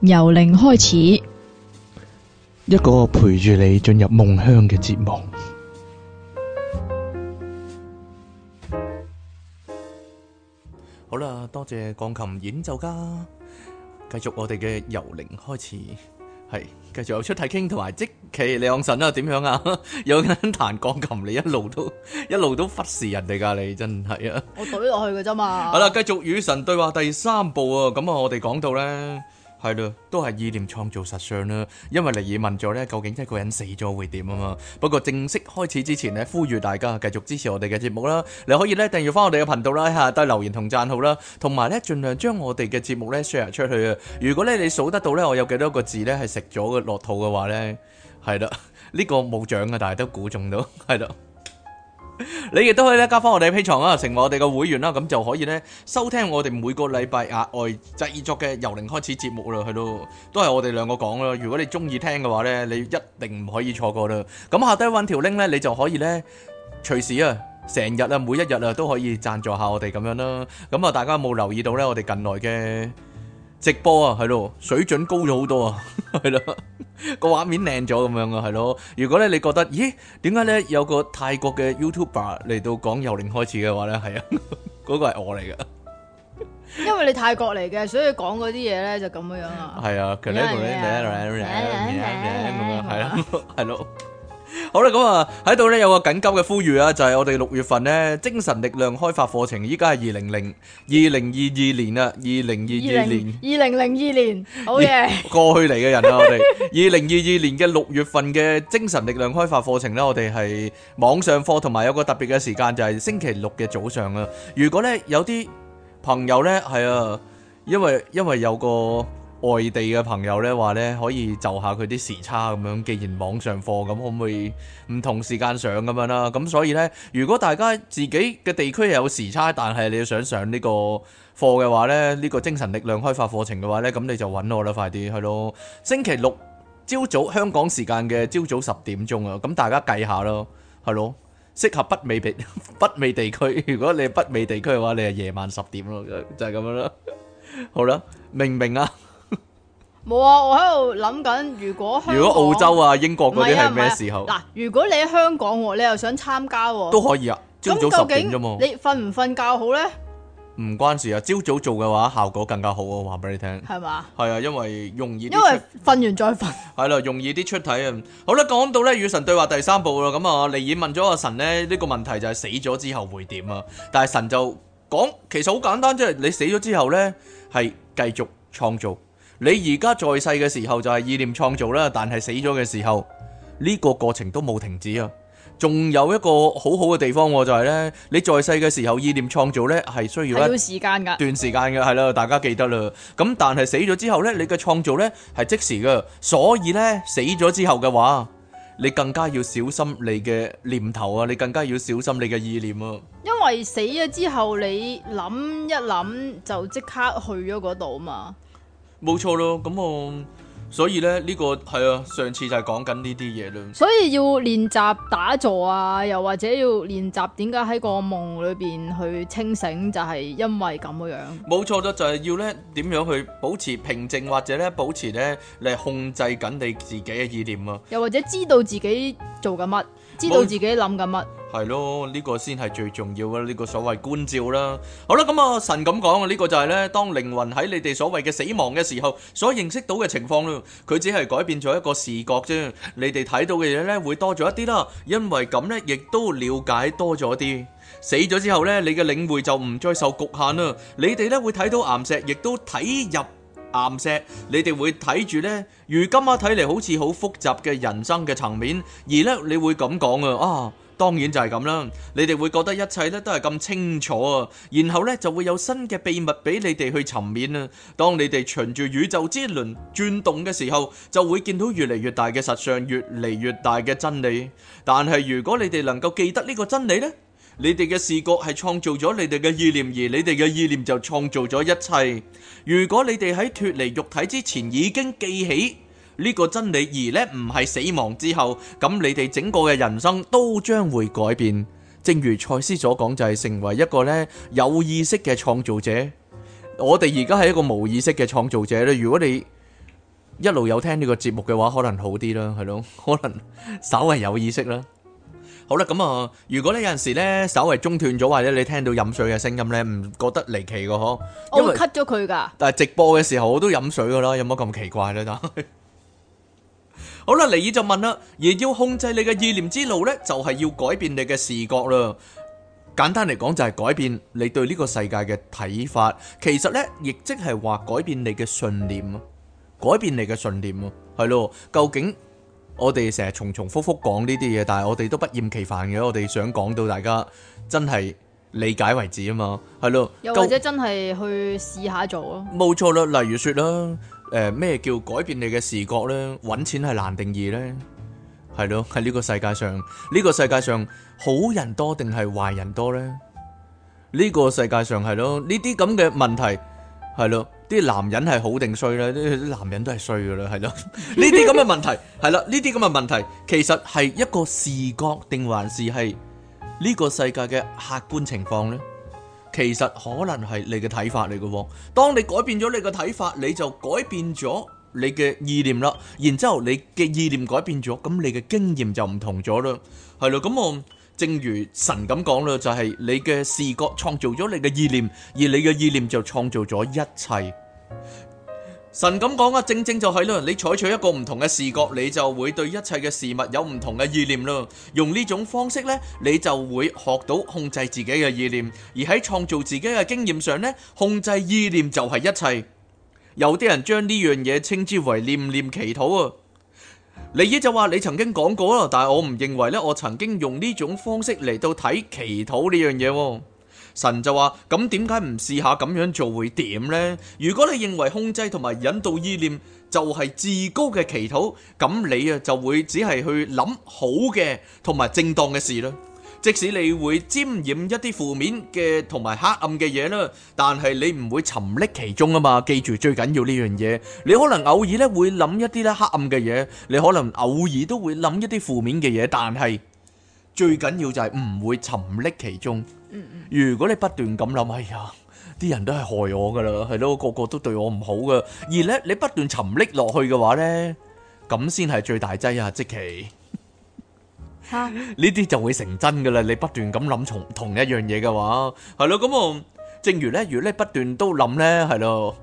由零開始，一個陪住你進入夢鄉嘅節目。好啦，多謝鋼琴演奏家，繼續我哋嘅由零開始，係繼續有出題傾同埋即其李神臣啊，點樣啊？ 有陣彈鋼琴，你一路都一路都忽視人哋噶，你真係啊！我懟落去㗎啫嘛。好啦，繼續與神對話第三部啊，咁啊，我哋講到咧。係都係意念創造實相啦。因為尼爾問咗咧，究竟一個人死咗會點啊嘛？不過正式開始之前咧，呼籲大家繼續支持我哋嘅節目啦。你可以咧訂閱返我哋嘅頻道啦，下低留言同讚好啦。同埋咧，儘量將我哋嘅節目咧 share 出去啊！如果咧你數得到咧，我有幾多個字咧係食咗嘅落肚嘅話咧，係啦，呢個冇獎啊，但係都估中到，係咯。你亦都可以咧，加翻我哋嘅 Patreon 啊，成為我哋嘅會員啦，咁就可以咧收聽我哋每個禮拜額外製作嘅由零開始節目啦，係咯，都係我哋兩個講啦。如果你中意聽嘅話咧，你一定唔可以錯過啦。咁下低搵條 link 咧，你就可以咧隨時啊，成日啊，每一日啊都可以贊助下我哋咁樣啦。咁啊，大家有冇留意到咧，我哋近來嘅直播啊，係咯、啊，水準高咗好多啊，係 咯、啊，個畫面靚咗咁樣啊，係咯。如果咧你覺得，咦，點解咧有個泰國嘅 YouTuber 嚟到講由零開始嘅話咧，係 啊，嗰個係我嚟嘅，因為你泰國嚟嘅，所以講嗰啲嘢咧就咁嘅樣。係啊，佢咧講咧就係咁樣，係啊，係咯。好啦，咁啊喺度呢有個緊急嘅呼籲啊，就係我哋六月份呢精神力量開發課程，依家係二零零二零二二年啦，二零二二年二零零二年，好嘢，過去嚟嘅人啦，我哋二零二二年嘅六月份嘅精神力量開發課程呢，我哋係網上課，同埋有個特別嘅時間就係星期六嘅早上啦。如果呢有啲朋友呢係啊，因為因為有個。外地嘅朋友呢，話呢可以就下佢啲時差咁樣。既然網上課，咁可唔可以唔同時間上咁樣啦？咁所以呢，如果大家自己嘅地區有時差，但係你要想上呢個課嘅話呢，呢個精神力量開發課程嘅話呢，咁你就揾我啦，快啲去，係咯。星期六朝早香港時間嘅朝早十點鐘啊，咁大家計下咯，係咯。適合北美地北美地區，如果你係北美地區嘅話，你就夜晚十點咯，就係咁樣咯。好啦，明唔明啊？冇啊！我喺度諗緊，如果香港，如果澳洲啊、英國嗰啲係咩時候？嗱，如果你喺香港，你又想參加，都可以啊。朝早十點啫嘛，你瞓唔瞓覺好咧？唔關事啊，朝早做嘅話效果更加好啊！話俾你聽係嘛？係啊，因為容易，因為瞓完再瞓係啦，容易啲出體啊。好啦，講到咧與神對話第三部咯，咁啊，尼爾問咗阿神咧呢個問題就係死咗之後會點啊？但係神就講，其實好簡單，即係你死咗之後咧係繼續創造。你而家在，在世嘅時候就係意念創造啦，但係死咗嘅時候呢、呢個過程都冇停止啊。仲有一個好好嘅地方就係、是、呢，你在世嘅時候意念創造呢係需要係要時間噶段時間噶係啦，大家記得啦。咁但係死咗之後呢，你嘅創造呢係即時噶，所以呢，死咗之後嘅話，你更加要小心你嘅念頭啊，你更加要小心你嘅意念啊。因為死咗之後，你諗一諗就即刻去咗嗰度啊嘛。冇錯咯，咁我所以咧、這、呢個係啊，上次就係講緊呢啲嘢啦。所以要練習打坐啊，又或者要練習點解喺個夢裏邊去清醒就，就係因為咁嘅樣。冇錯啦，就係要咧點樣去保持平靜，或者咧保持咧嚟控制緊你自己嘅意念啊。又或者知道自己做緊乜。知道自己諗緊乜，係咯，呢個先係最重要嘅。呢、這個所謂觀照啦。好啦，咁、嗯、啊神咁講啊，呢、這個就係、是、咧當靈魂喺你哋所謂嘅死亡嘅時候，所認識到嘅情況啦。佢只係改變咗一個視覺啫，你哋睇到嘅嘢咧會多咗一啲啦，因為咁咧亦都了解多咗啲。死咗之後咧，你嘅領會就唔再受局限啦。你哋咧會睇到岩石，亦都睇入。岩石，你哋會睇住呢。如今啊睇嚟好似好複雜嘅人生嘅層面，而呢，你會咁講啊，啊，當然就係咁啦，你哋會覺得一切呢都係咁清楚啊，然後呢，就會有新嘅秘密俾你哋去尋遍啊，當你哋循住宇宙之輪轉動嘅時候，就會見到越嚟越大嘅實相，越嚟越大嘅真理，但係如果你哋能夠記得呢個真理呢。你哋嘅視覺係創造咗你哋嘅意念，而你哋嘅意念就創造咗一切。如果你哋喺脱離肉體之前已經記起呢個真理，而呢唔係死亡之後，咁你哋整個嘅人生都將會改變。正如賽斯所講，就係成為一個呢有意識嘅創造者。我哋而家係一個無意識嘅創造者咧。如果你一路有聽呢個節目嘅話，可能好啲啦，係咯，可能稍為有意識啦。好啦，咁啊，如果你有陣時咧，稍微中斷咗，或者你聽到飲水嘅聲音咧，唔覺得離奇嘅嗬？我會 cut 咗佢噶。但係直播嘅時候我都飲水噶啦，有冇咁奇怪咧？但係好啦，尼爾就問啦，而要控制你嘅意念之路咧，就係要改變你嘅視覺啦。簡單嚟講就係改變你對呢個世界嘅睇法。其實咧，亦即係話改變你嘅信念啊，改變你嘅信念啊，係咯？究竟？我哋成日重重複複講呢啲嘢，但係我哋都不厭其煩嘅，我哋想講到大家真係理解為止啊嘛，係咯，又或者就真係去試下做咯。冇錯啦，例如說啦，誒、呃、咩叫改變你嘅視角咧？搵錢係難定義咧，係咯，喺呢個世界上，呢、這個世界上好人多定係壞人多咧？呢、這個世界上係咯，呢啲咁嘅問題係咯。啲男人係好定衰咧，啲男人都係衰噶啦，係咯。呢啲咁嘅問題係啦，呢啲咁嘅問題其實係一個視覺定還是係呢個世界嘅客觀情況呢？其實可能係你嘅睇法嚟嘅喎。當你改變咗你嘅睇法，你就改變咗你嘅意念啦。然之後你嘅意念改變咗，咁你嘅經驗就唔同咗啦。係咯，咁我。正如神咁講啦，就係你嘅視覺創造咗你嘅意念，而你嘅意念就創造咗一切。神咁講啊，正正就係啦，你採取一個唔同嘅視覺，你就會對一切嘅事物有唔同嘅意念啦。用呢種方式呢，你就會學到控制自己嘅意念，而喺創造自己嘅經驗上呢，控制意念就係一切。有啲人將呢樣嘢稱之為念念祈禱啊！你依就話，你曾經講過啊，但係我唔認為咧，我曾經用呢種方式嚟到睇祈禱呢樣嘢。神就話，咁點解唔試下咁樣做會點咧？如果你認為控制同埋引導意念就係至高嘅祈禱，咁你啊就會只係去諗好嘅同埋正當嘅事啦。即使你會沾染一啲負面嘅同埋黑暗嘅嘢啦，但係你唔會沉溺其中啊嘛！記住最緊要呢樣嘢，你可能偶爾咧會諗一啲咧黑暗嘅嘢，你可能偶爾都會諗一啲負面嘅嘢，但係最緊要就係唔會沉溺其中。嗯嗯，如果你不斷咁諗，哎呀，啲人都係害我噶啦，係咯，個個都對我唔好噶，而咧你不斷沉溺落去嘅話呢，咁先係最大劑啊！即其。呢啲就會成真噶啦！你不斷咁諗同同一樣嘢嘅話，係咯咁啊，正如咧，如果你不斷都諗咧，係咯，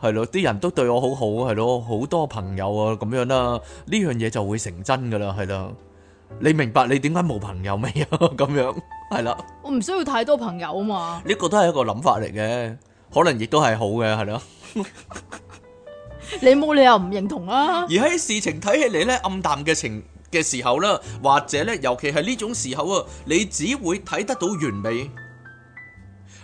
係咯，啲人都對我好好，係咯，好多朋友啊，咁樣啦，呢樣嘢就會成真噶啦，係啦，你明白你點解冇朋友未啊？咁樣係啦，我唔需要太多朋友啊嘛。呢個都係一個諗法嚟嘅，可能亦都係好嘅，係咯。你冇理由唔認同啊！而喺事情睇起嚟咧，暗淡嘅情嘅時候啦，或者咧，尤其係呢種時候啊，你只會睇得到完美。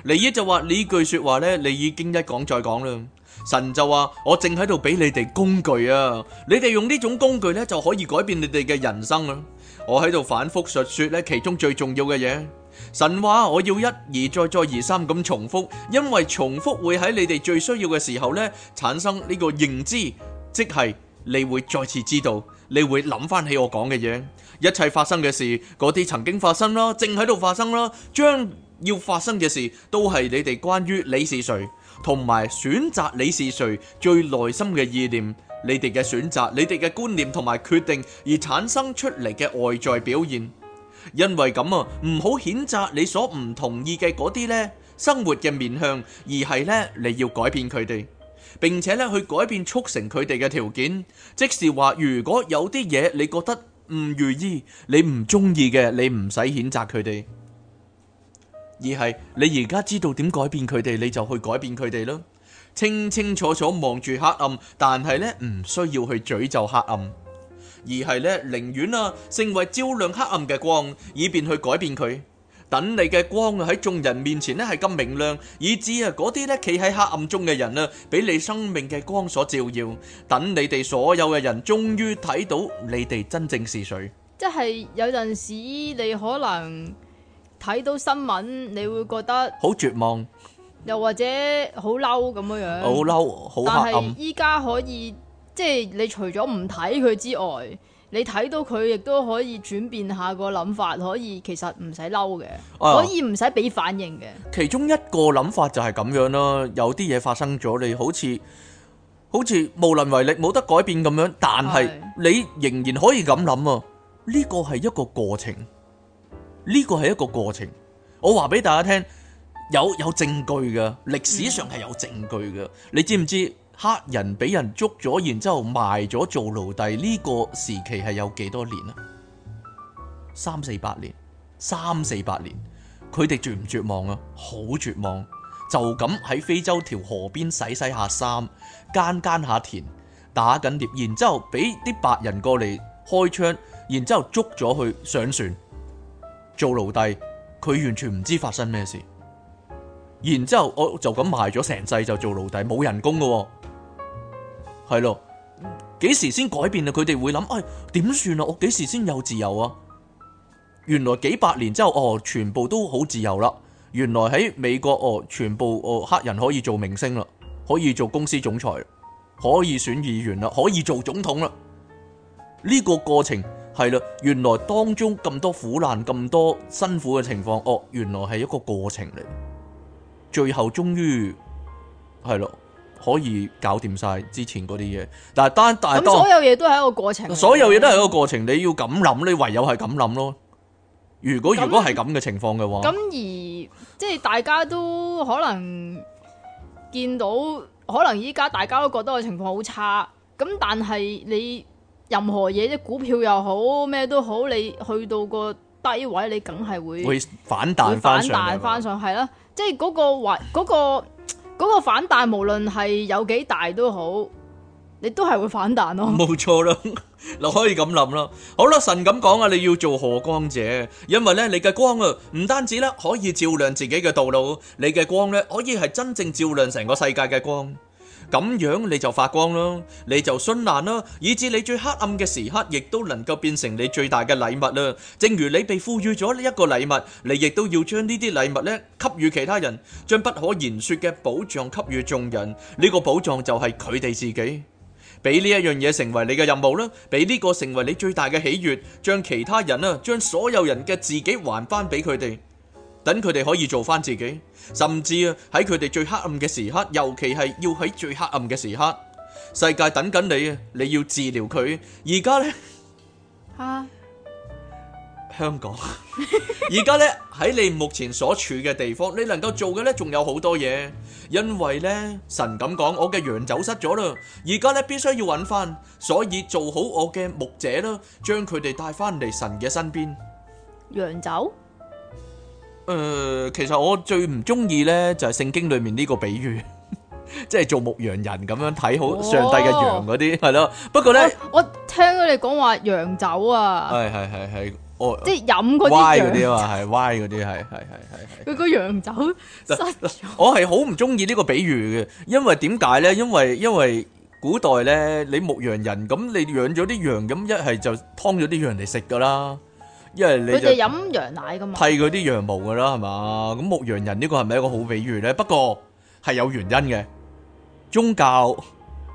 尼爾就話，呢句說話咧，你已經一講再講啦。神就話，我正喺度俾你哋工具啊，你哋用呢種工具咧，就可以改變你哋嘅人生啦。我喺度反覆述說咧，其中最重要嘅嘢。神話，我要一而再再而三咁重複，因為重複會喺你哋最需要嘅時候咧產生呢個認知，即係你會再次知道。你會諗翻起我講嘅嘢，一切發生嘅事，嗰啲曾經發生啦，正喺度發生啦，將要發生嘅事，都係你哋關於你是誰，同埋選擇你是誰最內心嘅意念，你哋嘅選擇，你哋嘅觀念同埋決定而產生出嚟嘅外在表現。因為咁啊，唔好譴責你所唔同意嘅嗰啲呢，生活嘅面向，而係呢，你要改變佢哋。並且咧去改變促成佢哋嘅條件，即是話如果有啲嘢你覺得唔如意，你唔中意嘅，你唔使譴責佢哋，而係你而家知道點改變佢哋，你就去改變佢哋咯。清清楚楚望住黑暗，但係咧唔需要去詛咒黑暗，而係咧寧願啊成為照亮黑暗嘅光，以便去改變佢。等你嘅光喺眾人面前咧係咁明亮，以至啊嗰啲咧企喺黑暗中嘅人啊，俾你生命嘅光所照耀。等你哋所有嘅人，終於睇到你哋真正是誰。即係有陣時，你可能睇到新聞，你會覺得好絕望，又或者好嬲咁樣樣。好嬲，但係依家可以，即係你除咗唔睇佢之外。你睇到佢，亦都可以轉變下個諗法，可以其實唔使嬲嘅，可以唔使俾反應嘅。其中一個諗法就係咁樣啦，有啲嘢發生咗，你好似好似無能為力，冇得改變咁樣，但係你仍然可以咁諗啊！呢個係一個過程，呢個係一個過程。我話俾大家聽，有有證據嘅，歷史上係有證據嘅，你知唔知？黑人俾人捉咗，然之後賣咗做奴隸呢個時期係有幾多年啊？三四百年，三四百年，佢哋絕唔絕望啊？好絕望，就咁喺非洲條河邊洗洗下衫，耕耕下田，打緊獵，然之後俾啲白人過嚟開槍，然之後捉咗去上船做奴隸，佢完全唔知發生咩事。然之後我就咁賣咗成世就做奴隸，冇人工㗎喎。係咯，幾時先改變啊？佢哋會諗，哎，點算啊？我幾時先有自由啊？原來幾百年之後，哦，全部都好自由啦。原來喺美國，哦，全部哦，黑人可以做明星啦，可以做公司總裁，可以選議員啦，可以做總統啦。呢個過程係啦，原來當中咁多苦難、咁多辛苦嘅情況，哦，原來係一個過程嚟，最後終於係咯。可以搞掂晒之前嗰啲嘢，但係單，但係所有嘢都係一個過程，所有嘢都係一個過程。你要咁諗，你唯有係咁諗咯。如果但如果係咁嘅情況嘅話，咁而即係大家都可能見到，可能依家大家都覺得個情況好差。咁但係你任何嘢，即股票又好，咩都好，你去到個低位，你梗係會會反彈，反彈翻上係啦，吧即係嗰個壞嗰個。那個嗰個反彈無論係有幾大都好，你都係會反彈咯 錯。冇錯啦，你可以咁諗啦。好啦，神咁講啊，你要做何光者？因為咧，你嘅光啊，唔單止咧可以照亮自己嘅道路，你嘅光咧可以係真正照亮成個世界嘅光。咁樣你就發光啦，你就絢爛啦，以至你最黑暗嘅時刻，亦都能夠變成你最大嘅禮物啦。正如你被賦予咗呢一個禮物，你亦都要將呢啲禮物咧給予其他人，將不可言說嘅寶藏給予眾人。呢、這個寶藏就係佢哋自己，俾呢一樣嘢成為你嘅任務啦，俾呢個成為你最大嘅喜悅，將其他人啦、啊，將所有人嘅自己還翻俾佢哋。等佢哋可以做翻自己，甚至啊喺佢哋最黑暗嘅時刻，尤其係要喺最黑暗嘅時刻，世界等緊你啊！你要治療佢。而家呢，啊，香港，而家呢喺你目前所處嘅地方，你能夠做嘅呢仲有好多嘢，因為呢神咁講，我嘅羊走失咗啦，而家呢必須要揾翻，所以做好我嘅牧者啦，將佢哋帶翻嚟神嘅身邊。羊走。誒、呃，其實我最唔中意咧，就係聖經裏面呢個比喻， 即係做牧羊人咁樣睇好、哦、上帝嘅羊嗰啲，係咯。不過咧，我聽到你講話羊酒啊，係係係係，我、哎哎哎、即係飲嗰啲羊嗰啲啊嘛，係歪啲，係係係係係。佢個羊酒失咗，我係好唔中意呢個比喻嘅，因為點解咧？因為因為古代咧，你牧羊人咁，你養咗啲羊咁，一係就劏咗啲羊嚟食噶啦。佢哋飲羊奶噶嘛？剃佢啲羊毛噶啦，係嘛？咁牧羊人呢個係咪一個好比喻咧？不過係有原因嘅，宗教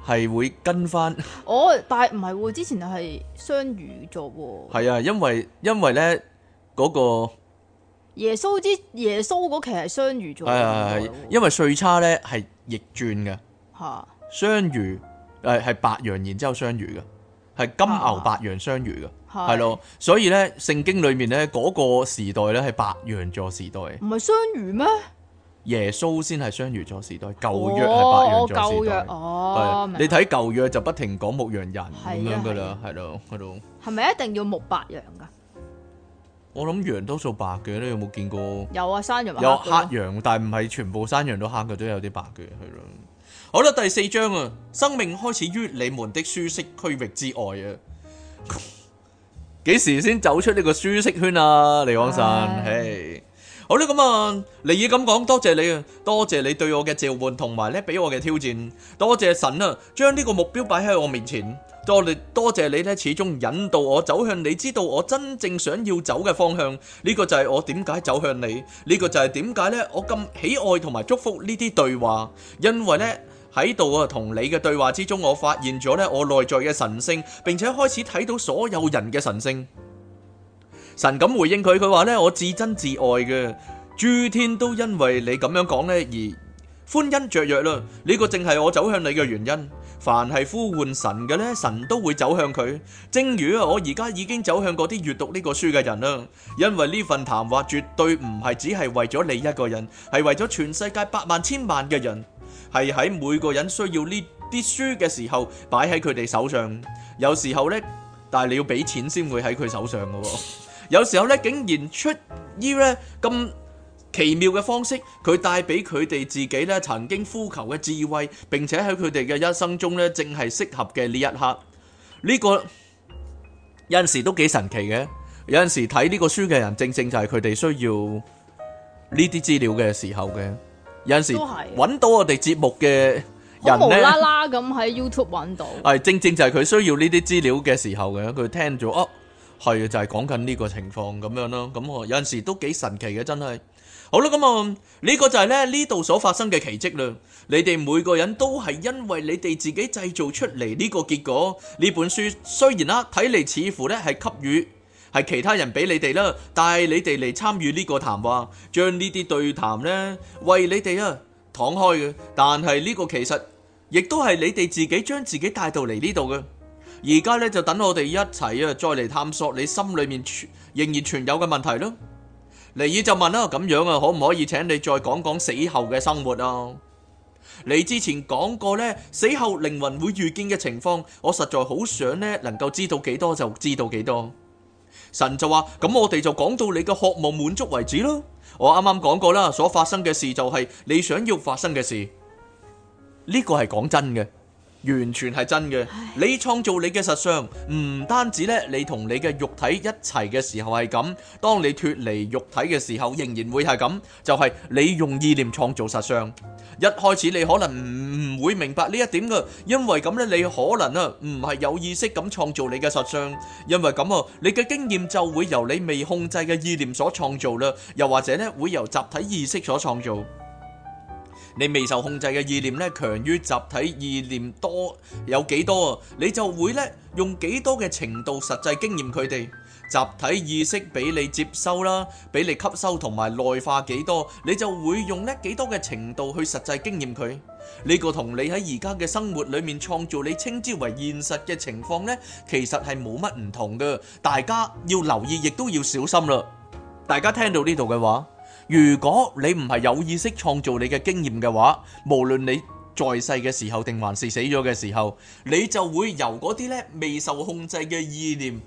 係會跟翻。哦，但係唔係，之前係雙魚座。係 啊，因為因為咧嗰，那個耶穌之耶穌嗰期係雙魚座。係啊，係因為歲差咧係逆轉嘅。吓哈，雙魚誒係白羊，然之後雙魚噶。係金牛、白羊、雙魚噶，係咯，所以咧聖經裏面咧嗰個時代咧係白羊座時代，唔係雙魚咩？耶穌先係雙魚座時代，舊約係白羊座時代，哦，你睇舊約就不停講牧羊人咁樣噶啦，係咯，嗰度係咪一定要牧白羊噶？我諗羊多數白嘅，你有冇見過？有啊，山羊有黑羊，但係唔係全部山羊都黑嘅，都有啲白嘅，係咯。好啦，第四章啊，生命開始於你們的舒適區域之外啊，幾 時先走出呢個舒適圈啊？李講神，唉、哎 hey，好啦，咁啊，尼爾咁講，多謝你啊，多謝你對我嘅召喚同埋咧，俾我嘅挑戰，多謝神啊，將呢個目標擺喺我面前，多你多謝你呢，始終引導我走向你知道我真正想要走嘅方向，呢、這個就係我點解走向你，呢、這個就係點解呢？我咁喜愛同埋祝福呢啲對話，因為呢。嗯喺度啊！同你嘅對話之中，我發現咗咧我內在嘅神聖，並且開始睇到所有人嘅神聖。神咁回應佢，佢話咧，我至真至愛嘅，諸天都因為你咁樣講咧而歡欣雀躍啦。呢個正係我走向你嘅原因。凡係呼喚神嘅咧，神都會走向佢。正如啊，我而家已經走向嗰啲閱讀呢個書嘅人啦，因為呢份談話絕對唔係只係為咗你一個人，係為咗全世界百萬千萬嘅人。係喺每個人需要呢啲書嘅時候擺喺佢哋手上。有時候呢，但係你要俾錢先會喺佢手上嘅。有時候呢，竟然出於呢咁奇妙嘅方式，佢帶俾佢哋自己呢曾經呼求嘅智慧，並且喺佢哋嘅一生中呢，正係適合嘅呢一刻，呢、呢個有陣時都幾神奇嘅。有陣時睇呢個書嘅人，正正就係佢哋需要呢啲資料嘅時候嘅。有陣時揾到我哋節目嘅人咧，無啦啦咁喺 YouTube 揾到，係正正就係佢需要呢啲資料嘅時候嘅，佢聽咗，哦，係啊，就係講緊呢個情況咁樣咯。咁我有陣時都幾神奇嘅，真係。好啦，咁啊，呢個就係咧，呢度所發生嘅奇迹啦。你哋每個人都係因為你哋自己製造出嚟呢個結果。呢本書雖然啦，睇嚟似乎咧係給予。係其他人俾你哋啦，帶你哋嚟參與呢個談話，將呢啲對談呢，為你哋啊敞開嘅。但係呢個其實亦都係你哋自己將自己帶到嚟呢度嘅。而家呢，就等我哋一齊啊，再嚟探索你心裏面仍然存有嘅問題咯。尼爾就問啦，啊，咁樣啊，可唔可以請你再講講死後嘅生活啊？你之前講過呢，死後靈魂會遇見嘅情況，我實在好想呢，能夠知道幾多就知道幾多。神就話：咁我哋就講到你嘅渴望滿足為止囉。我啱啱講過啦，所發生嘅事就係你想要發生嘅事，呢個係講真嘅。完全係真嘅，你創造你嘅實相，唔、嗯、單止咧，你同你嘅肉體一齊嘅時候係咁，當你脱離肉體嘅時候，仍然會係咁，就係、是、你用意念創造實相。一開始你可能唔會明白呢一點㗎，因為咁咧，你可能啊唔係有意識咁創造你嘅實相，因為咁啊，你嘅經驗就會由你未控制嘅意念所創造啦，又或者咧會由集體意識所創造。你未受控制嘅意念咧，強於集體意念多有幾多啊，你就會咧用幾多嘅程度實際經驗佢哋。集體意識俾你接收啦，俾你吸收同埋內化幾多，你就會用咧幾多嘅程度去實際經驗佢。呢個同你喺而家嘅生活裏面創造你稱之為現實嘅情況咧，其實係冇乜唔同嘅。大家要留意，亦都要小心啦。大家聽到呢度嘅話。如果你唔係有意識創造你嘅經驗嘅話，無論你在世嘅時候定還是死咗嘅時候，你就會由嗰啲咧未受控制嘅意念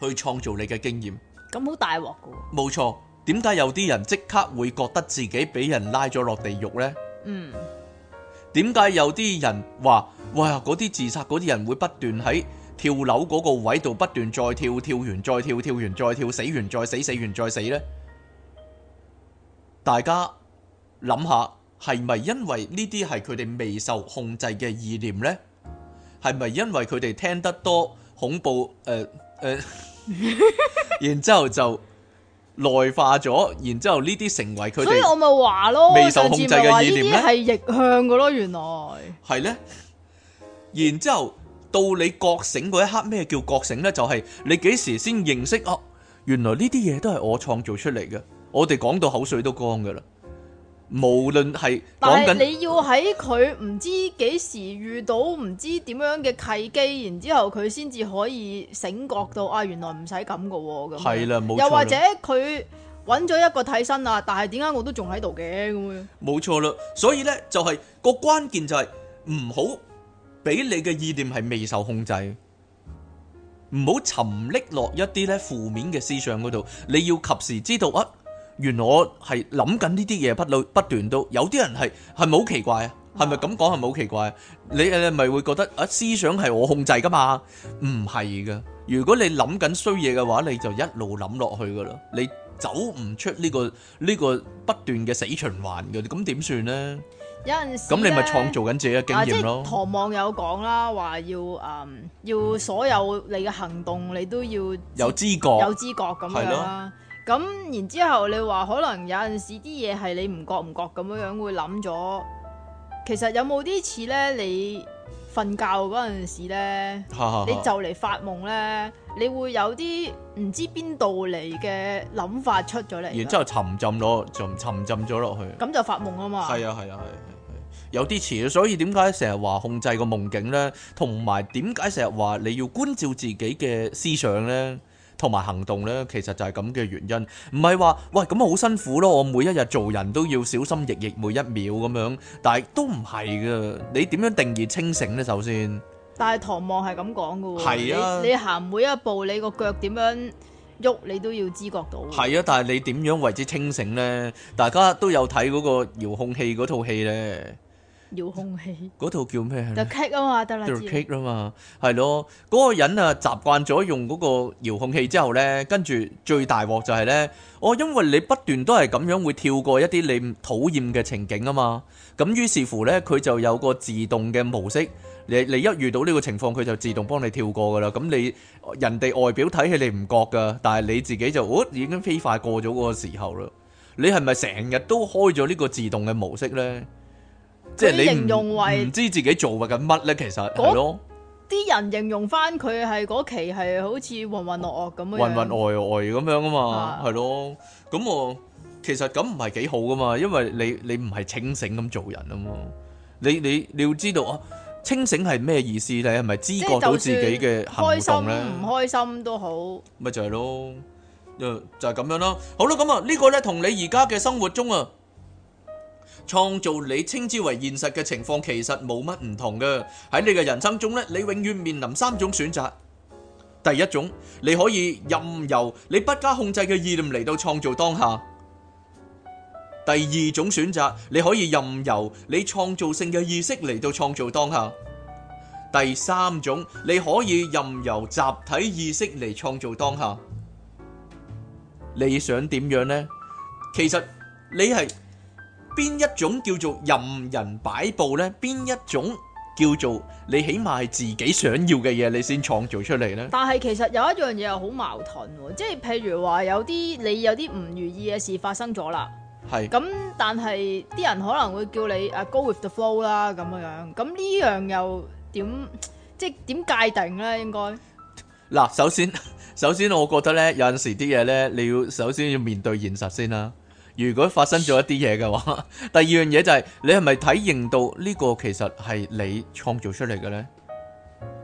去創造你嘅經驗。咁好大鑊噶。冇錯。點解有啲人即刻會覺得自己俾人拉咗落地獄呢？嗯。點解有啲人話，哇嗰啲自殺嗰啲人會不斷喺跳樓嗰個位度不斷再跳，跳完再跳，跳完再跳，死完再死，死完再死，再死，再死呢？大家諗下，係咪因為呢啲係佢哋未受控制嘅意念呢？係咪因為佢哋聽得多恐怖？誒、呃、誒、呃，然之後就內化咗，然之後呢啲成為佢哋。我咪話咯，未受控制嘅意念咧係逆向噶咯，原來係呢。然之後到你覺醒嗰一刻，咩叫覺醒呢？就係、是、你幾時先認識哦、啊？原來呢啲嘢都係我創造出嚟嘅。我哋講到口水都乾嘅啦，無論係講緊，但你要喺佢唔知幾時遇到唔知點樣嘅契機，然之後佢先至可以醒覺到啊，原來唔使咁嘅，咁係啦，冇錯。又或者佢揾咗一個替身啊，但係點解我都仲喺度嘅咁樣？冇錯啦，所以呢，就係，就係個關鍵就係唔好俾你嘅意念係未受控制，唔好沉溺落一啲咧負面嘅思想嗰度，你要及時知道啊。原來我係諗緊呢啲嘢，不斷不斷都有啲人，係係咪好奇怪啊？係咪咁講係咪好奇怪啊？你係咪會覺得啊，思想係我控制噶嘛？唔係噶，如果你諗緊衰嘢嘅話，你就一路諗落去噶啦，你走唔出呢個呢個不斷嘅死循環嘅，咁點算呢？有陣時咁你咪創造緊自己嘅經驗咯。唐網友講啦，話要誒要所有你嘅行動，你都要有知覺有知覺咁樣啦。咁，然之後你話可能有陣時啲嘢係你唔覺唔覺咁樣樣會諗咗，其實有冇啲似咧？哈哈哈哈，你瞓覺嗰陣時咧，你就嚟發夢咧，你會有啲唔知邊度嚟嘅諗法出咗嚟，然之後沉浸落，就沉浸咗落去。咁就發夢啊嘛。係啊係啊係係係，有啲似啊。所以點解成日話控制個夢境咧，同埋點解成日話你要觀照自己嘅思想咧？同埋行動呢，其實就係咁嘅原因，唔係話喂咁啊好辛苦咯，我每一日做人都要小心翼翼，每一秒咁樣，但係都唔係噶，你點樣定義清醒呢？首先，但係唐望係咁講噶喎，係啊，你你行每一步，你個腳點樣喐，你都要知覺到。係啊，但係你點樣為之清醒呢？大家都有睇嗰個遙控器嗰套戲呢。遙控器嗰套叫咩？The Cake 啊嘛得，The Cake 啦嘛，係咯 The cake.，嗰、嗰個人啊習慣咗用嗰個遙控器之後呢，跟住最大鑊就係呢：「哦，因為你不斷都係咁樣會跳過一啲你唔討厭嘅情景啊嘛，咁於是乎呢，佢就有個自動嘅模式，你你一遇到呢個情況，佢就自動幫你跳過噶啦，咁你人哋外表睇起你唔覺噶，但係你自己就我、哦、已經飛快過咗嗰個時候啦，你係咪成日都開咗呢個自動嘅模式呢？即係你形容為唔知自己做緊乜咧，其實係咯啲人形容翻佢係嗰期係好似渾渾噩噩咁樣，渾渾噩噩咁樣啊嘛，係咯，咁我其實咁唔係幾好噶嘛，因為你你唔係清醒咁做人啊嘛，你你你要知道啊，清醒係咩意思咧？係咪知覺到自己嘅行動咧？唔開心都好，咪就係咯，就就係咁樣咯。好啦，咁啊呢個咧同你而家嘅生活中啊。創造你稱之為現實嘅情況，其實冇乜唔同嘅。喺你嘅人生中咧，你永遠面臨三種選擇：第一種，你可以任由你不加控制嘅意念嚟到創造當下；第二種選擇，你可以任由你創造性嘅意識嚟到創造當下；第三種，你可以任由集體意識嚟創造當下。你想點樣呢？其實你係。邊一種叫做任人擺布呢？邊一種叫做你起碼係自己想要嘅嘢，你先創造出嚟呢？但係其實有一樣嘢係好矛盾，即係譬如話有啲你有啲唔如意嘅事發生咗啦，係咁，但係啲人可能會叫你啊，go with the flow 啦咁樣樣，咁呢樣又點即係點界定呢？應該嗱，首先首先我覺得呢，有陣時啲嘢呢，你要首先要面對現實先啦。如果發生咗一啲嘢嘅話，第二樣嘢就係、是、你係咪體認到呢個其實係你創造出嚟嘅呢？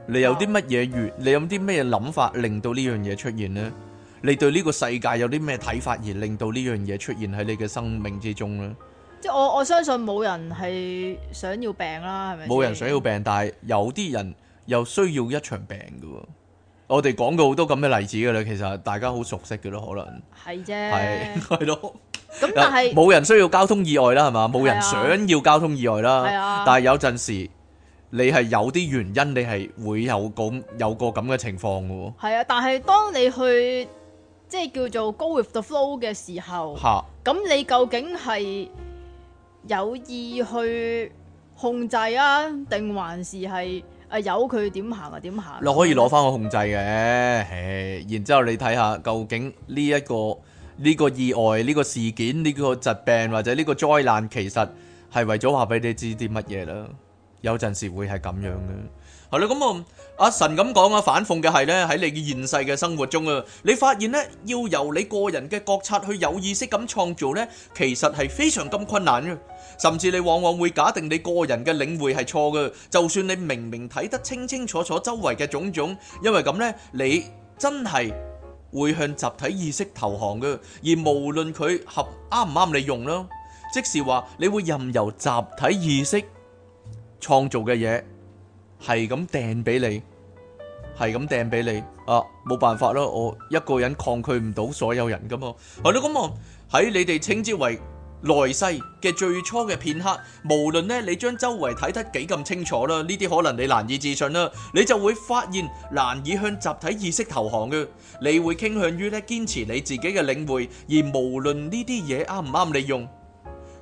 你有啲乜嘢願？啊、你有啲咩諗法令到呢樣嘢出現呢？你對呢個世界有啲咩睇法而令到呢樣嘢出現喺你嘅生命之中呢？即係我我相信冇人係想要病啦，係咪？冇人想要病，但係有啲人又需要一場病㗎喎。我哋講過好多咁嘅例子㗎啦，其實大家好熟悉嘅咯，可能係啫，係咯。 咁但係冇人需要交通意外啦，係嘛？冇人想要交通意外啦。係啊。但係有陣時，你係有啲原因，你係會有咁有個咁嘅情況噶喎。係啊，但係當你去即係叫做 go with the flow 嘅時候，吓，咁你究竟係有意去控制啊，定還是係誒由佢點行啊點行？你可以攞翻個控制嘅，誒，然之後你睇下究竟呢一個。呢個意外、呢個事件、呢個疾病或者呢個災難，其實係為咗話俾你知啲乜嘢啦。有陣時會係咁樣嘅。係啦，咁啊，阿神咁講啊，反諷嘅係呢，喺你現世嘅生活中啊，你發現呢，要由你個人嘅覺察去有意識咁創造呢，其實係非常咁困難嘅。甚至你往往會假定你個人嘅領會係錯嘅，就算你明明睇得清清楚楚周圍嘅種種，因為咁呢，你真係會向集體意識投降嘅，而無論佢合啱唔啱你用啦。即是話你會任由集體意識創造嘅嘢係咁掟俾你，係咁掟俾你啊！冇辦法啦，我一個人抗拒唔到所有人噶嘛。係、嗯、咯，咁我喺你哋稱之為。來世嘅最初嘅片刻，無論咧你將周圍睇得幾咁清楚啦，呢啲可能你難以置信啦，你就會發現難以向集體意識投降嘅，你會傾向於咧堅持你自己嘅領會，而無論呢啲嘢啱唔啱你用。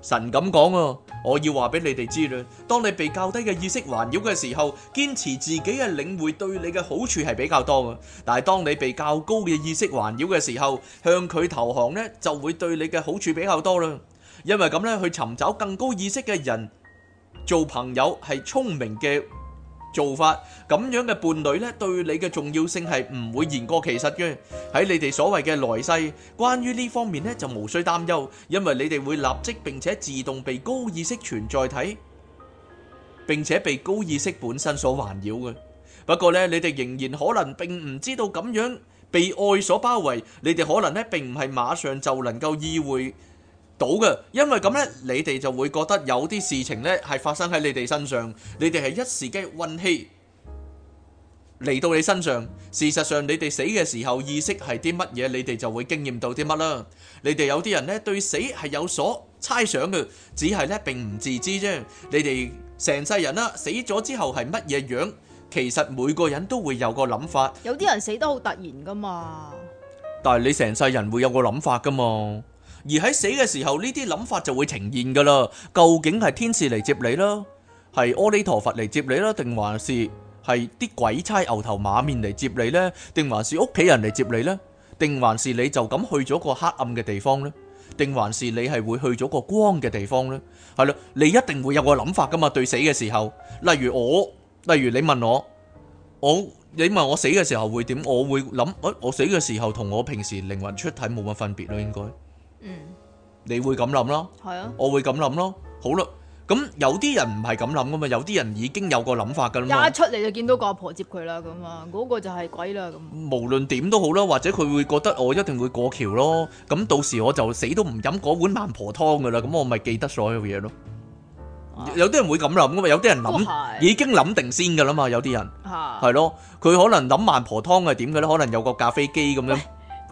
神咁講啊，我要話俾你哋知啦，當你被較低嘅意識環繞嘅時候，堅持自己嘅領會對你嘅好處係比較多嘅，但係當你被較高嘅意識環繞嘅時候，向佢投降咧就會對你嘅好處比較多啦。因為咁咧，去尋找更高意識嘅人做朋友係聰明嘅做法。咁樣嘅伴侶咧，對你嘅重要性係唔會言過其實嘅。喺你哋所謂嘅來世，關於呢方面咧就無需擔憂，因為你哋會立即並且自動被高意識存在體，並且被高意識本身所環繞嘅。不過咧，你哋仍然可能並唔知道咁樣被愛所包圍，你哋可能咧並唔係馬上就能夠意會到嘅，因為咁呢，你哋就會覺得有啲事情呢係發生喺你哋身上，你哋係一時嘅運氣嚟到你身上。事實上，你哋死嘅時候意識係啲乜嘢，你哋就會經驗到啲乜啦。你哋有啲人呢對死係有所猜想嘅，只係呢並唔自知啫。你哋成世人啦，死咗之後係乜嘢樣？其實每個人都會有個諗法。有啲人死得好突然㗎嘛，但係你成世人會有個諗法㗎嘛。而喺死嘅時候，呢啲諗法就會呈現噶啦。究竟係天使嚟接你啦，係阿彌陀佛嚟接你啦，定還是係啲鬼差牛頭馬面嚟接你呢？定還是屋企人嚟接你呢？定還是你就咁去咗個黑暗嘅地方呢？定還是你係會去咗個光嘅地方呢？係咯，你一定會有個諗法噶嘛。對死嘅時候，例如我，例如你問我，我你問我死嘅時候會點？我會諗，我我死嘅時候同我平時靈魂出體冇乜分別咯，應該。嗯，你會咁諗咯，係啊，我會咁諗咯。好啦，咁有啲人唔係咁諗噶嘛，有啲人已經有個諗法噶啦嘛。一出嚟就見到個阿婆接佢啦，咁啊，嗰個就係鬼啦咁。無論點都好啦，或者佢會覺得我一定會過橋咯。咁到時我就死都唔飲嗰碗孟婆湯噶啦。咁我咪記得所有嘢咯。有啲人會咁諗噶嘛，有啲人諗已經諗定先噶啦嘛。有啲人係咯，佢可能諗孟婆湯係點噶咧，可能有個咖啡機咁樣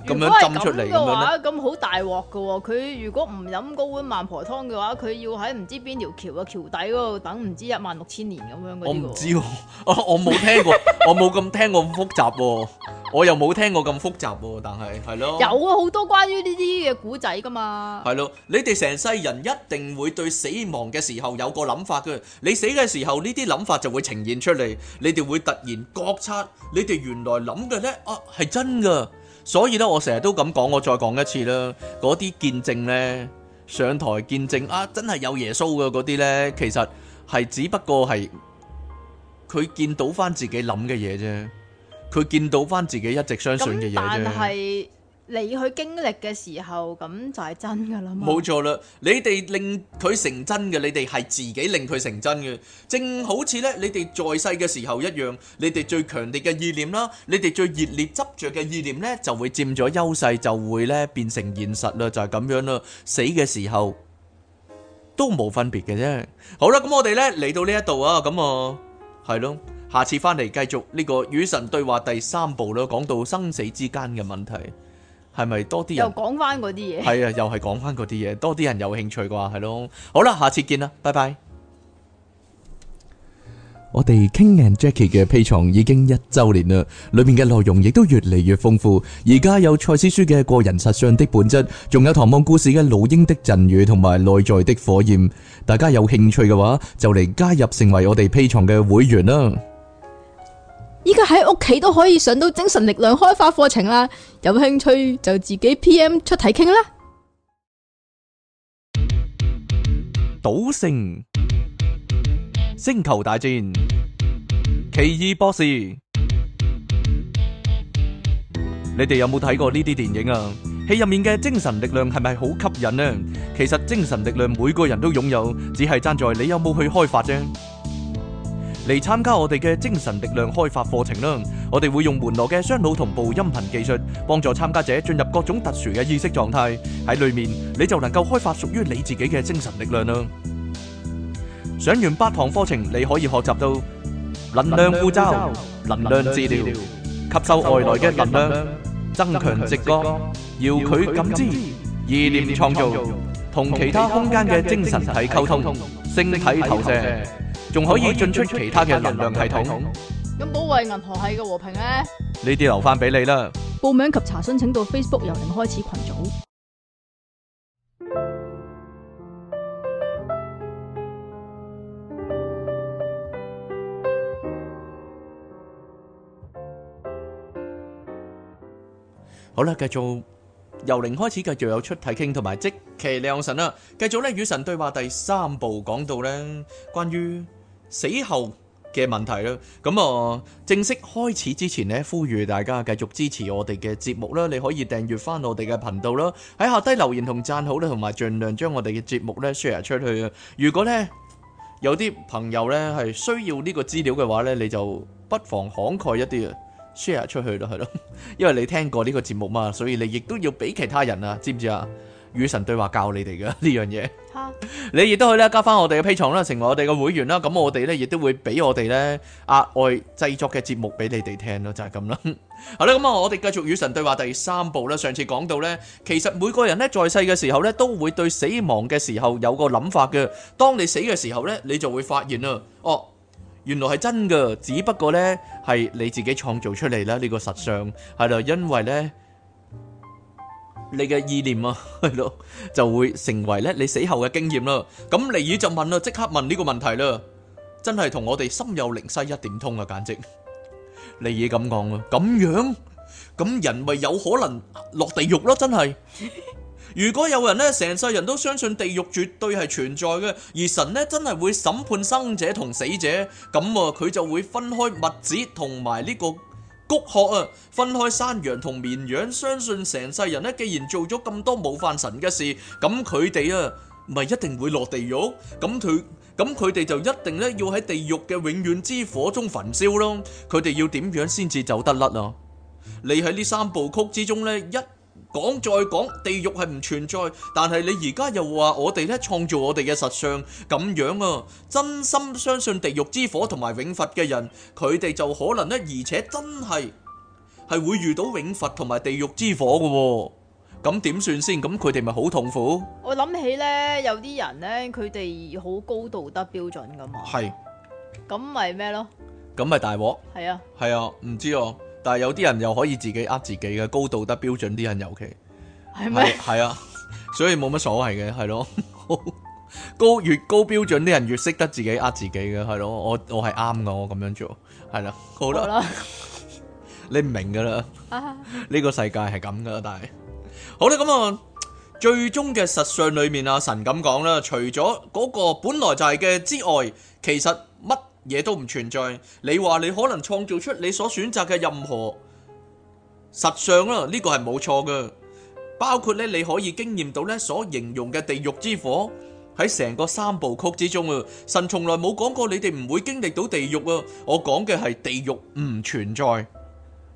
樣如果係出嚟嘅話，咁好大鑊噶。佢如果唔飲嗰碗孟婆湯嘅話，佢要喺唔知邊條橋嘅橋底嗰度等唔知一萬六千年咁樣。我唔知喎， 我我冇聽過， 我冇咁聽過咁複雜，我又冇聽過咁複雜。但係係咯，有啊，好多關於呢啲嘅古仔噶嘛。係咯，你哋成世人一定會對死亡嘅時候有個諗法嘅。你死嘅時候呢啲諗法就會呈現出嚟，你哋會突然覺察，你哋原來諗嘅咧，啊係真噶。所以咧，我成日都咁講，我再講一次啦。嗰啲見證呢，上台見證啊，真係有耶穌嘅嗰啲呢，其實係只不過係佢見到翻自己諗嘅嘢啫，佢見到翻自己一直相信嘅嘢啫。你去經歷嘅時候，咁就係真噶啦嘛！冇錯啦，你哋令佢成真嘅，你哋係自己令佢成真嘅，正好似咧你哋在世嘅時候一樣，你哋最強烈嘅意念啦，你哋最熱烈執著嘅意念咧，就會佔咗優勢，就會咧變成現實啦，就係咁樣啦。死嘅時候都冇分別嘅啫。好啦，咁我哋咧嚟到呢一度啊，咁啊，係咯，下次翻嚟繼續呢個與神對話第三部啦，講到生死之間嘅問題。係咪多啲人？又講翻嗰啲嘢。係啊， 又係講翻嗰啲嘢，多啲人有興趣啩，係咯。好啦，下次見啦，拜拜。我哋 King and Jackie 嘅 Patreon 已經一周年啦，裏面嘅內容亦都越嚟越豐富。而家有賽斯書嘅《個人實相的本質》，仲有《唐望故事》嘅《老鷹的贈語》同埋《內在的火焰》。大家有興趣嘅話，就嚟加入成為我哋 Patreon 嘅會員啦。依家喺屋企都可以上到精神力量開發課程啦，有興趣就自己 PM 出題傾啦。賭聖、星球大戰、奇異博士，你哋有冇睇過呢啲電影啊？戲入面嘅精神力量係咪好吸引呢？其實精神力量每個人都擁有，只係爭在你有冇去開發啫。嚟參加我哋嘅精神力量開發課程啦！我哋會用門羅嘅雙腦同步音頻技術，幫助參加者進入各種特殊嘅意識狀態。喺裏面你就能夠開發屬於你自己嘅精神力量啦！上完八堂課程，你可以學習到能量護罩、能量治療、吸收外來嘅能量、增強直覺、遙距感知、意念創造、同其他空間嘅精神體溝通。晶體頭啫，仲可，可以進出其他嘅能量系統。咁保衛銀河系嘅和平咧？呢啲留翻俾你啦。報名及查詢，請到 Facebook 由零開始群組。好啦，繼續。由零開始，繼續有出題傾同埋即其亮神啦，繼續咧與神對話第三部講到咧關於死後嘅問題啦。咁、嗯、啊，正式開始之前咧，呼籲大家繼續支持我哋嘅節目啦。你可以訂閱翻我哋嘅頻道啦，喺下低留言同讚好咧，同埋盡量將我哋嘅節目咧 share 出去啊。如果咧有啲朋友咧係需要呢個資料嘅話咧，你就不妨慷慨一啲啊！share 出去咯，係咯，因為你聽過呢個節目嘛，所以你亦都要俾其他人啊，知唔知啊？與神對話教你哋嘅呢樣嘢，你亦都可以咧加翻我哋嘅 Patreon 啦，成為我哋嘅會員啦。咁我哋咧亦都會俾我哋咧額外製作嘅節目俾你哋聽咯，就係咁啦。好啦，咁啊，我哋繼續與神對話第三部啦。上次講到咧，其實每個人咧在世嘅時候咧，都會對死亡嘅時候有個諗法嘅。當你死嘅時候咧，你就會發現啊，哦。原來係真噶，只不過咧係你自己創造出嚟啦，呢個實相係啦，因為咧你嘅意念啊，係咯，就會成為咧你死後嘅經驗啦。咁尼爾就問啦，即刻問呢個問題啦，真係同我哋心有靈犀一點通啊！簡直，尼爾咁講啦，咁樣咁人咪有可能落地獄咯？真係。如果有人呢成世人都相信地獄絕對係存在嘅，而神呢真係會審判生者同死者，咁佢、啊、就會分開麥子同埋呢個谷殼啊，分開山羊同綿羊。相信成世人呢既然做咗咁多冒犯神嘅事，咁佢哋啊，咪一定會落地獄。咁佢咁佢哋就一定呢要喺地獄嘅永遠之火中焚燒咯。佢哋要點樣先至走得甩啊？你喺呢三部曲之中呢。一。講再講，地獄係唔存在，但係你而家又話我哋咧創造我哋嘅實相咁樣啊！真心相信地獄之火同埋永罰嘅人，佢哋就可能咧，而且真係係會遇到永罰同埋地獄之火嘅。咁點算先？咁佢哋咪好痛苦？我諗起咧，有啲人咧，佢哋好高道德標準噶嘛。係。咁咪咩咯？咁咪大鑊。係啊。係啊，唔知哦。但係有啲人又可以自己呃自己嘅高道德標準啲人，尤其係咪？係啊嗎，所以冇乜所謂嘅係咯， 高越高標準啲人越識得自己呃自己嘅係咯，我我係啱，噶，我咁樣做係啦，好啦，好吧 你唔明噶啦，呢 個世界係咁噶啦，但係好啦，咁啊，最終嘅實相裏面啊，神咁講啦，除咗嗰個本來就係嘅之外，其實乜？嘢都唔存在，你話你可能創造出你所選擇嘅任何實相啦，呢、呢個係冇錯嘅。包括咧，你可以經驗到咧所形容嘅地獄之火喺成個三部曲之中啊。神從來冇講過你哋唔會經歷到地獄啊。我講嘅係地獄唔存在，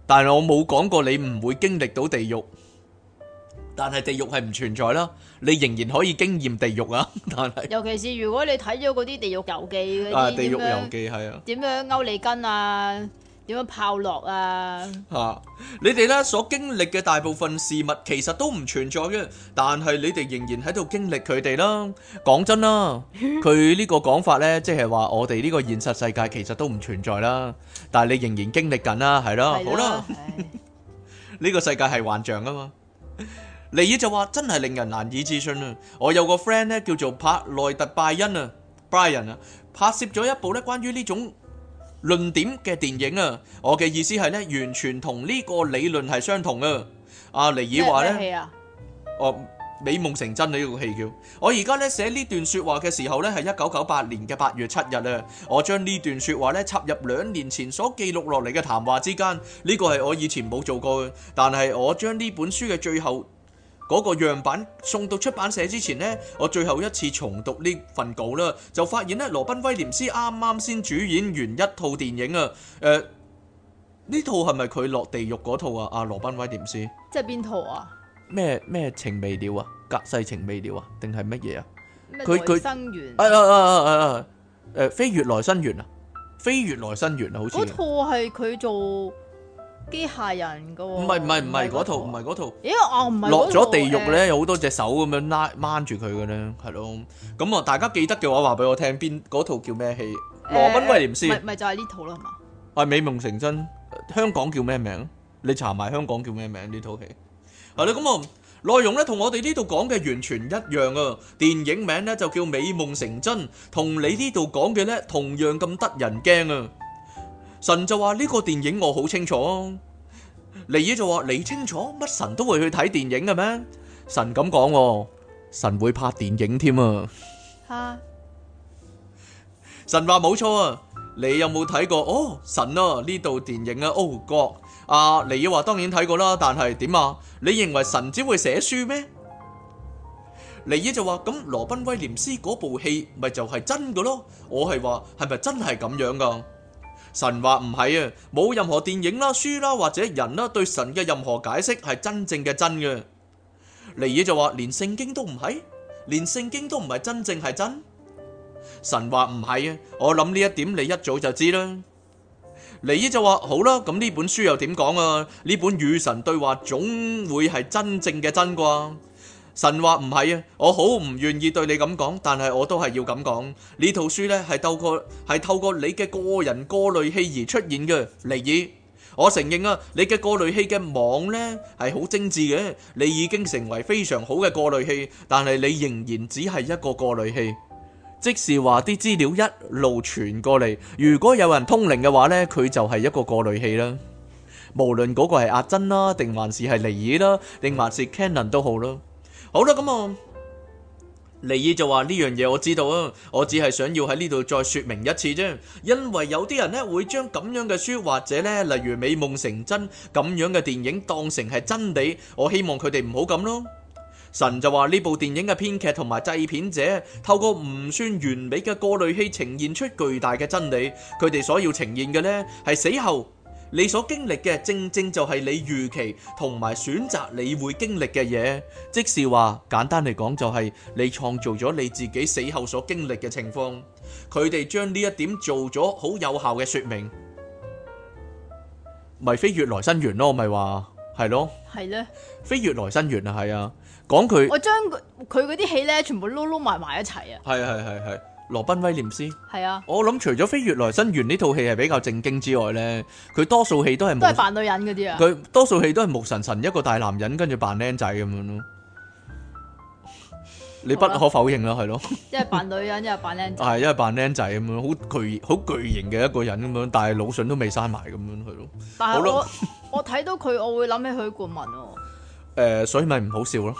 但係我冇講過你唔會經歷到地獄。但係地獄係唔存在啦，你仍然可以經驗地獄啊！但係尤其是如果你睇咗嗰啲《地獄遊記》地獄遊記係啊，點樣歐利根啊，點樣炮烙啊？吓，你哋咧所經歷嘅大部分事物其實都唔存在嘅，但係你哋仍然喺度經歷佢哋啦。講真啦，佢呢個講法咧，即係話我哋呢個現實世界其實都唔存在啦，但係你仍然經歷緊啦，係啦，好啦，呢個世界係幻象啊嘛。尼爾就話真係令人難以置信啊！我有個 friend 咧叫做帕內特拜恩啊，Brian 啊，拍攝咗一部咧關於呢種論點嘅電影啊。我嘅意思係咧，完全同呢個理論係相同啊。阿、啊、尼爾話咧，啊、哦，美夢成真呢個戲叫。我而家咧寫呢寫段說話嘅時候咧係一九九八年嘅八月七日啊。我將呢段說話咧插入兩年前所記錄落嚟嘅談話之間，呢個係我以前冇做過嘅，但係我將呢本書嘅最後。嗰個樣版送到出版社之前呢，我最後一次重讀呢份稿啦，就發現呢，羅賓威廉斯啱啱先主演完一套電影啊，誒、呃，呢套係咪佢落地獄嗰套啊？阿羅賓威廉斯，即係邊套啊？咩咩情未了啊？隔世情未了啊？定係乜嘢啊？佢佢麼生緣，誒誒誒誒誒誒誒、飛越來生緣啊，飛越來生緣啊，好似嗰套係佢做。機械人嘅喎，唔係唔係唔係嗰套，唔係嗰套。咦，我唔係落咗地獄咧，有好多隻手咁樣拉掹住佢嘅咧，係咯。咁啊，大家記得嘅話話俾我聽，邊嗰套叫咩戲？羅賓威廉斯，咪咪就係呢套啦，係嘛？係美夢成真，香港叫咩名？你查埋香港叫咩名呢套戲？係啦，咁啊內容咧同我哋呢度講嘅完全一樣啊！電影名咧就叫美夢成真，同你呢度講嘅咧同樣咁得人驚啊！神就話，呢個電影我好清楚。尼爾就話，你清楚乜，神都會去睇電影嘅咩？神咁講，神會拍電影添啊！吓，神話冇錯啊！你有冇睇過？哦，神啊呢部電影啊，哦國啊，尼爾話當然睇過啦，但係點啊？你認為神只會寫書咩？尼爾就話，咁，羅賓威廉斯嗰部戲咪就係真噶咯？我係話係咪真係咁樣噶？神話唔係啊，冇任何電影啦、書啦或者人啦對神嘅任何解釋係真正嘅真嘅。尼爾就話，連聖經都唔係，連聖經都唔係真正係真。神話唔係啊，我諗呢一點你一早就知啦。尼爾就話好啦，咁呢本書又點講啊？呢本與神對話總會係真正嘅真啩。神話唔係啊，我好唔願意對你咁講，但係我都係要咁講。呢套書呢係透過係透過你嘅個人過濾器而出現嘅，尼爾。我承認啊，你嘅過濾器嘅網呢係好精緻嘅，你已經成為非常好嘅過濾器，但係你仍然只係一個過濾器。即使話啲資料一路傳過嚟，如果有人通靈嘅話呢，佢就係一個過濾器啦。無論嗰個係阿珍啦，定還是係尼爾啦，定還是 Canon 都好啦。好啦，咁啊，尼爾就話呢樣嘢我知道啊，我只係想要喺呢度再說明一次啫，因為有啲人呢會將咁樣嘅書或者呢例如美夢成真咁樣嘅電影當成係真理，我希望佢哋唔好咁咯。神就話呢部電影嘅編劇同埋製片者透過唔算完美嘅過濾器呈現出巨大嘅真理，佢哋所要呈現嘅呢係死後。你所經歷嘅正正就係你預期同埋選擇你會經歷嘅嘢，即是話簡單嚟講就係你創造咗你自己死後所經歷嘅情況。佢哋將呢一點做咗好有效嘅説明，咪飛越來生緣咯，咪話係咯，係呢，飛越來生緣啊，係啊，講佢，我將佢佢嗰啲戲呢全部撈撈埋埋一齊啊，係係係係。羅賓威廉斯係啊，我諗除咗《飛越來生緣》呢套戲係比較正經之外咧，佢多數戲都係都係扮女人嗰啲啊。佢多數戲都係木神神一個大男人跟住扮僆仔咁樣咯。吧你不可否認啦，係咯。一係扮女人，扮 因為扮一係扮僆仔，係一係扮僆仔咁樣，好巨好巨，巨型嘅一個人咁樣，但係腦筍都未閂埋咁樣，係咯。但係我了我睇到佢，我會諗起許冠文哦。誒、 呃，所以咪唔好笑咯，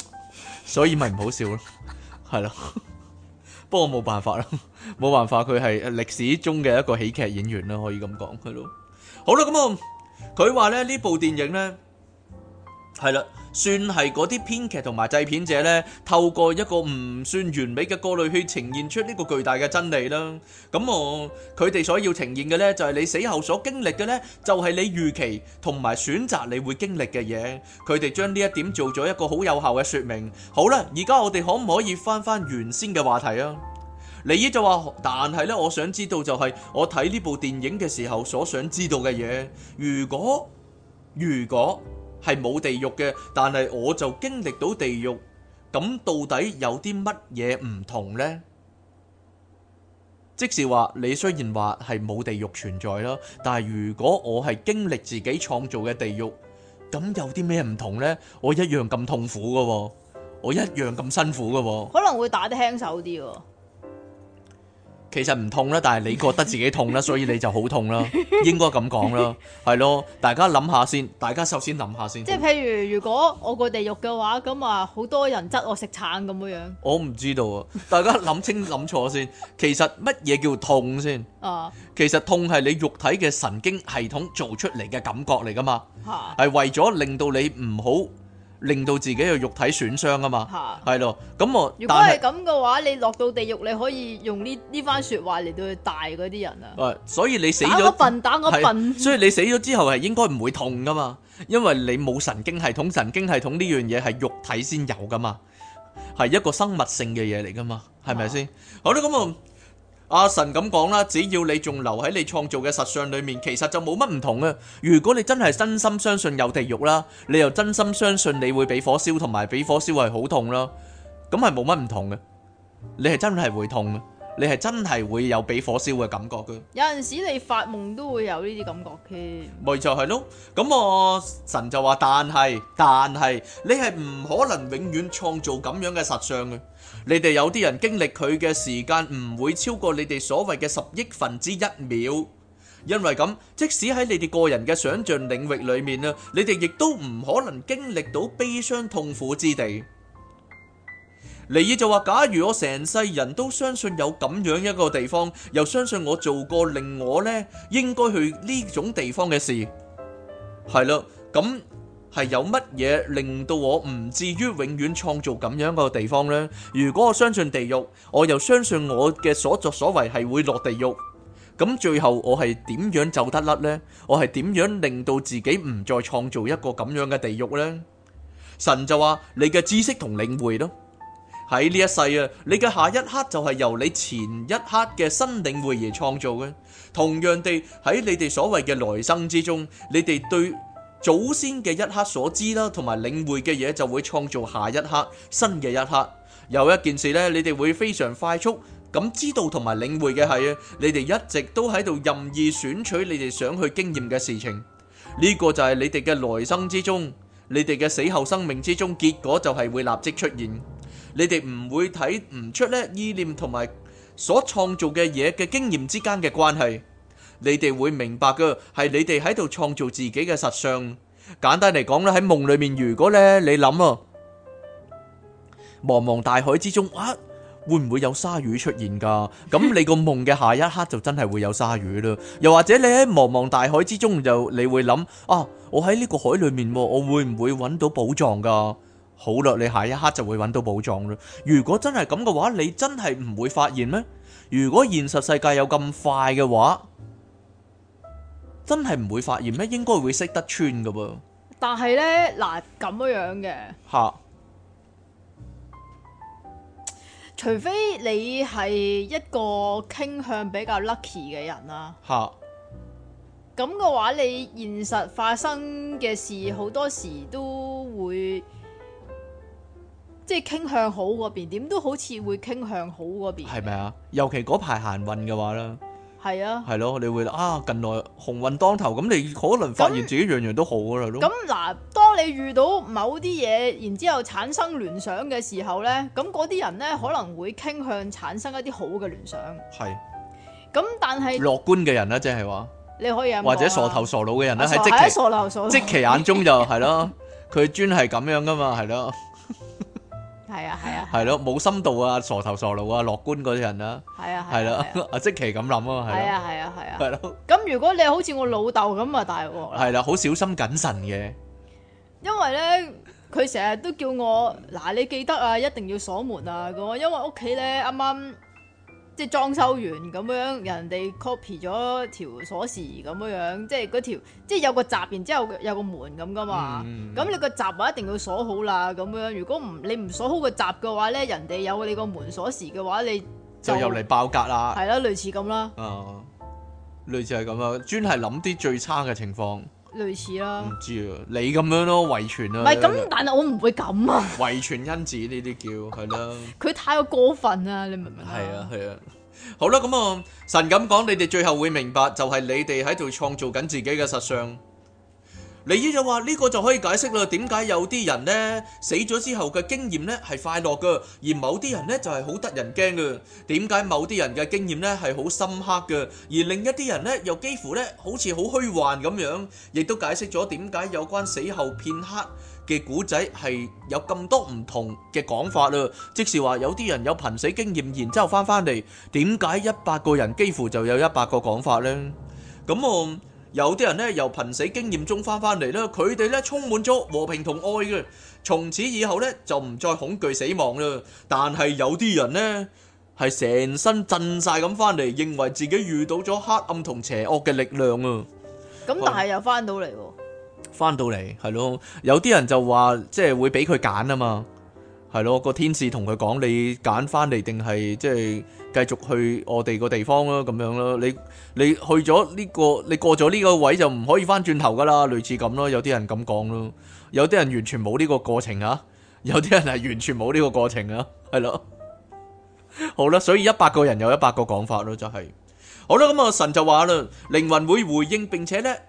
所以咪唔好笑咯，係咯。不過冇辦法啦，冇辦法佢係歷史中嘅一個喜劇演員，可以咁講係咯。好啦，咁啊，佢話咧呢部電影呢。係啦，算係嗰啲編劇同埋製片者呢，透過一個唔算完美嘅過濾去呈現出呢個巨大嘅真理啦。咁我佢哋所要呈現嘅呢，就係你死後所經歷嘅呢，就係你預期同埋選擇你會經歷嘅嘢。佢哋將呢一點做咗一個好有效嘅說明。好啦，而家我哋可唔可以翻翻原先嘅話題啊？你姨就話，但係呢，我想知道就係我睇呢部電影嘅時候所想知道嘅嘢。如果如果。係冇地獄嘅，但係我就經歷到地獄。咁到底有啲乜嘢唔同呢？即是話你雖然話係冇地獄存在啦，但係如果我係經歷自己創造嘅地獄，咁有啲咩唔同呢？我一樣咁痛苦噶，我一樣咁辛苦噶，可能會打得輕手啲。其實唔痛啦，但係你覺得自己痛啦，所以你就好痛啦， 應該咁講啦，係咯，大家諗下先，大家首先諗下先。即係是好譬如，如果我個地獄嘅話，咁啊好多人窒我食橙咁樣樣。我唔知道啊，大家諗清諗錯先。 其實乜嘢叫痛先？啊，uh, 其實痛係你肉體嘅神經系統做出嚟嘅感覺嚟㗎嘛，係為咗令到你唔好令到自己嘅肉體損傷啊嘛，係咯、啊，咁我如果係咁嘅話，你落到地獄，你可以用呢呢番説話嚟到去帶嗰啲人啊。所以你死咗，笨笨蛋所以你死咗之後係應該唔會痛噶嘛，因為你冇神經系統，神經系統呢樣嘢係肉體先有噶嘛，係一個生物性嘅嘢嚟噶嘛，係咪先？係係啊、好啦，咁我。阿神咁講啦，只要你仲留喺你創造嘅實相裏面，其實就冇乜唔同啊！如果你真係真心相信有地獄啦，你又真心相信你會俾火燒同埋俾火燒係好痛啦，咁係冇乜唔同嘅，你係真係會痛嘅，你係真係會有俾火燒嘅感覺嘅。有陣時你發夢都會有呢啲感覺嘅。咪就係咯，咁我神就話，但係但係你係唔可能永遠創造咁樣嘅實相嘅。你哋有啲人經歷佢嘅時間唔會超過你哋所謂嘅十億分之一秒，因為咁，即使喺你哋個人嘅想象領域裏面啦，你哋亦都唔可能經歷到悲傷痛苦之地。尼爾就話：「假如我成世人都相信有咁樣一個地方，又相信我做過令我呢應該去呢種地方嘅事，係咯，咁。係有乜嘢令到我唔至於永遠創造咁樣個地方呢？如果我相信地獄，我又相信我嘅所作所為係會落地獄，咁最後我係點樣走得甩呢？我係點樣令到自己唔再創造一個咁樣嘅地獄呢？神就話：你嘅知識同領會咯。喺呢一世啊，你嘅下一刻就係由你前一刻嘅新領會而創造嘅。同樣地，喺你哋所謂嘅來生之中，你哋對。祖先嘅一刻所知啦，同埋領會嘅嘢就會創造下一刻新嘅一刻。有一件事呢，你哋會非常快速咁知道同埋領會嘅係啊，你哋一直都喺度任意選取你哋想去經驗嘅事情。呢個就係你哋嘅來生之中，你哋嘅死後生命之中，結果就係會立即出現。你哋唔會睇唔出呢意念同埋所創造嘅嘢嘅經驗之間嘅關係。你哋會明白噶係你哋喺度創造自己嘅實相。簡單嚟講咧，喺夢裏面，如果咧你諗啊，茫茫大海之中啊，會唔會有鯊魚出現噶？咁你個夢嘅下一刻就真係會有鯊魚啦。又或者你喺茫茫大海之中就你會諗啊，我喺呢個海裏面，我會唔會搵到寶藏噶？好啦，你下一刻就會搵到寶藏啦。如果真係咁嘅話，你真係唔會發現咩？如果現實世界有咁快嘅話？真係唔會發現咩？應該會識得穿噶噃。但係呢，嗱咁樣嘅吓，哈除非你係一個傾向比較 lucky 嘅人啦吓。咁嘅哈話，你現實發生嘅事好多時都會、嗯、即係傾向好嗰邊，點都好似會傾向好嗰邊。係咪啊？尤其嗰排行運嘅話啦。係啊，係咯，你會啊，近來鴻運當頭，咁你可能發現自己樣樣都好噶啦咯。咁嗱，當你遇到某啲嘢，然之後產生聯想嘅時候咧，咁嗰啲人咧可能會傾向產生一啲好嘅聯想。係的，咁但係樂觀嘅人咧，即係話，你可以或者傻頭傻腦嘅人咧，喺即係傻頭、啊、傻即其眼中就係咯，佢專係咁樣噶嘛，係咯。係啊係啊，係咯，冇深度啊，傻頭傻腦啊，樂觀嗰啲人啦，係啊，係啦，即期咁諗啊，係啊，係啊係啊，係咯、啊。咁、啊啊啊、 如果你好似我老豆咁啊，大鑊啦，係啦，好小心謹慎嘅。因為咧，佢成日都叫我嗱，你記得啊，一定要鎖門啊咁，因為屋企咧，啱啱。即係裝修完咁樣，人哋 copy 咗條鎖匙咁樣，即係嗰條即係有個閘，然之後有個門咁噶嘛。咁、嗯、你個閘啊一定要鎖好啦。咁樣如果唔你唔鎖好個閘嘅話咧，人哋有你個門鎖匙嘅話，你就入嚟爆格啦。係咯，類似咁啦。啊、哦，類似係咁樣，專係諗啲最差嘅情況。類似啦，唔知啊，知你咁樣咯，遺傳啦，唔係咁，但係我唔會咁啊，遺傳因子呢啲叫係啦，佢、啊、 太過分啦，你明唔明、 嗯、啊？係啊係啊， 好啦，咁、嗯、啊，神咁講，你哋最後會明白，就係你哋喺度創造緊自己嘅實相。李姨就話：呢個就可以解釋啦，點解有啲人咧死咗之後嘅經驗咧係快樂嘅，而某啲人咧就係好得人驚嘅。點解某啲人嘅經驗咧係好深刻嘅，而另一啲人咧又幾乎咧好似好虛幻咁樣，亦都解釋咗點解有關死後片刻嘅古仔係有咁多唔同嘅講法啦。即是話有啲人有瀕死經驗，然之後翻翻嚟，點解一百個人幾乎就有一百個講法咧？咁我。有啲人咧由瀕死經驗中翻翻嚟咧，佢哋咧充滿咗和平同愛嘅，從此以後咧就唔再恐懼死亡啦。但係有啲人咧係成身震晒咁翻嚟，認為自己遇到咗黑暗同邪惡嘅力量啊。咁但係又翻到嚟，翻到嚟，係咯。有啲人就話即係會俾佢揀啊嘛。係咯，個天使同佢講，你揀翻嚟定係即係繼續去我哋個地方咯，咁樣咯。你你去咗呢個，你過咗呢個位就唔可以翻轉頭噶啦，類似咁咯。有啲人咁講咯，有啲人完全冇呢個過程啊，有啲人係完全冇呢個過程啊，係咯。 好啦，所以一百個人有一百個講法咯，就係好啦。咁啊，神就話啦，靈魂會回應，並且咧。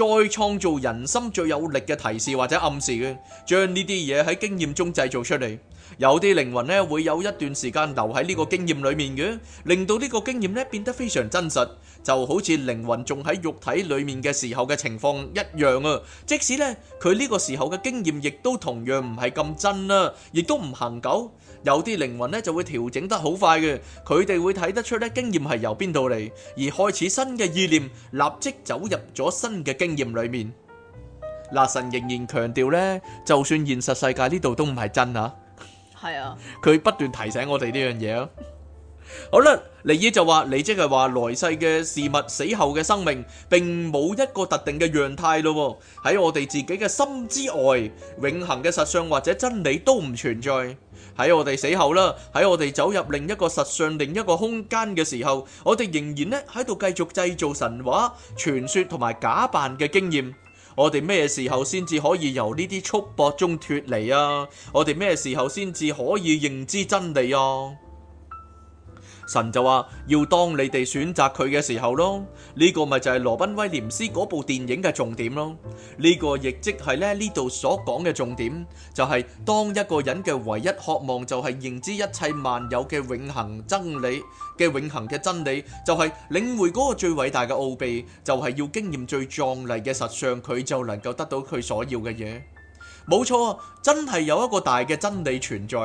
再創造人心最有力嘅提示或者暗示嘅，將呢啲嘢喺經驗中製造出嚟。有啲靈魂咧會有一段時間留喺呢個經驗裏面嘅，令到呢個經驗咧變得非常真實，就好似靈魂仲喺肉體裏面嘅時候嘅情況一樣啊！即使呢，佢呢個時候嘅經驗亦都同樣唔係咁真啦，亦都唔恆久。有啲靈魂咧就會調整得好快嘅，佢哋會睇得出咧經驗係由邊度嚟，而開始新嘅意念，立即走入咗新嘅經驗裏面。嗱，神仍然強調咧，就算現實世界呢度都唔係真啊，係啊，佢不斷提醒我哋呢樣嘢啊。好啦，尼爾就話，你即係話來世嘅事物、死後嘅生命，並冇一個特定嘅樣態咯。喺我哋自己嘅心之外，永恆嘅實相或者真理都唔存在。喺我哋死後啦，喺我哋走入另一個實相，另一個空間嘅時候，我哋仍然呢喺度繼續製造神話、傳說同埋假扮嘅經驗。我哋咩時候先至可以由呢啲束縛中脫離啊？我哋咩時候先至可以認知真理啊？神就話，要當你哋選擇佢嘅時候囉。呢個咪就係羅賓威廉斯嗰部電影嘅重點囉。呢個亦即係咧呢度所講嘅重點，就係當一個人嘅唯一渴望就係認知一切萬有嘅永恆真理，嘅永恆嘅真理，就係領會嗰個最偉大嘅奧秘，就係要經驗最壯麗嘅實相，佢就能夠得到佢所要嘅嘢。冇錯，真係有一個大嘅真理存在，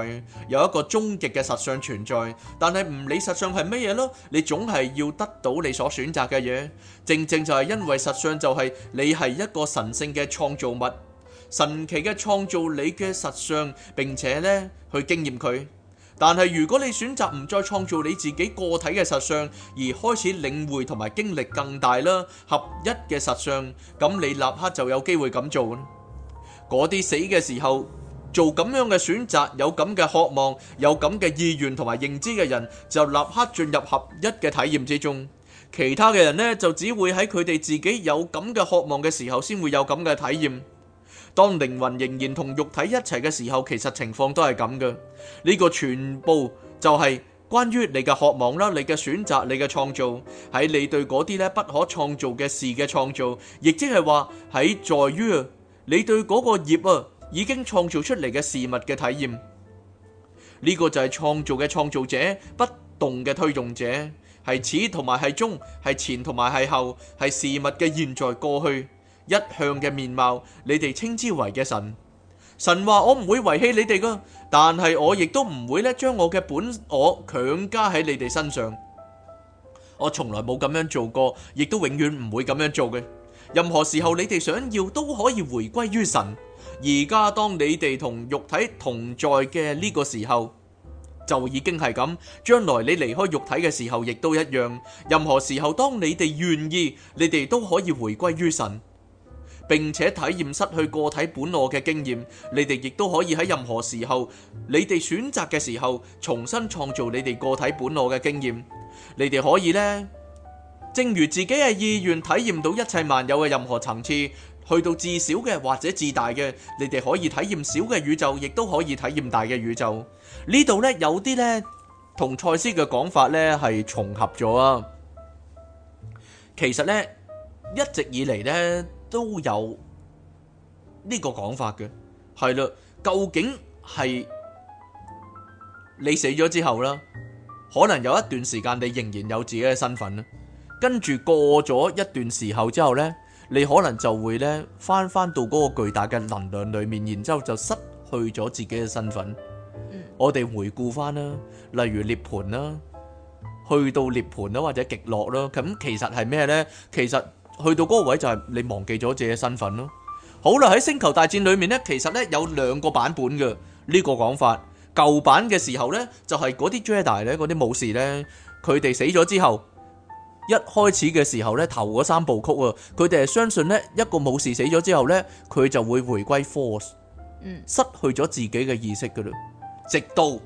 有一個終極嘅實相存在。但係唔理實相係乜嘢咯，你總係要得到你所選擇嘅嘢。正正就係因為實相就係你係一個神性嘅創造物，神奇嘅創造你嘅實相，並且呢去經驗佢。但係如果你選擇唔再創造你自己個體嘅實相，而開始領會同埋經歷更大啦合一嘅實相，咁你立刻就有機會咁做。嗰啲死嘅時候做咁樣嘅選擇，有咁嘅渴望，有咁嘅意願同埋認知嘅人，就立刻進入合一嘅體驗之中。其他嘅人呢，就只會喺佢哋自己有咁嘅渴望嘅時候，先會有咁嘅體驗。當靈魂仍然同肉體一齊嘅時候，其實情況都係咁嘅。呢個全部就係關於你嘅渴望啦，你嘅選擇，你嘅創造，喺你對嗰啲咧不可創造嘅事嘅創造，亦即係話喺在於，你對嗰個業啊，已經創造出嚟嘅事物嘅體驗，呢個就係創造嘅創造者，不動嘅推動者，係始同埋係終，係前同埋係後，係事物嘅現在過去一向嘅面貌。你哋稱之為嘅神，神話我唔會遺棄你哋噶，但係我亦都唔會咧將我嘅本我強加喺你哋身上。我從來冇咁樣做過，亦都永遠唔會咁樣做嘅。任何時候你哋想要都可以回歸於神。而家當你哋同肉體同在嘅呢個時候，就已經係咁。將來你離開肉體嘅時候，亦都一樣。任何時候，當你哋願意，你哋都可以回歸於神，並且體驗失去個體本我嘅經驗。你哋亦都可以喺任何時候，你哋選擇嘅時候，重新創造你哋個體本我嘅經驗。你哋可以呢，正如自己嘅意願體驗到一切萬有嘅任何層次，去到至小嘅或者至大嘅。你哋可以體驗小嘅宇宙，亦都可以體驗大嘅宇宙。呢度呢，有啲呢同賽斯嘅講法呢係重合咗啊。其實呢，一直以嚟呢都有呢個講法嘅，係嘞。究竟係你死咗之後啦，可能有一段時間你仍然有自己嘅身份啊。跟住過咗一段時候之後咧，你可能就會咧翻翻到嗰個巨大嘅能量裏面，然之後就失去咗自己嘅身份。我哋回顧翻啦，例如涅槃啦，去到涅槃啦或者極樂啦，咁其實係咩咧？其實去到嗰個位就係你忘記咗自己身份咯。好啦，喺星球大戰裏面咧，其實咧有兩個版本嘅呢個講法。舊版嘅時候咧，就係嗰啲 Jedi 咧，嗰啲武士咧，佢哋死咗之後。一開始嘅時候呢，頭嗰三部曲啊，佢哋係相信呢一個武士死咗之後呢，佢就會回歸 force，嗯，失去咗自己嘅意識噶啦，直到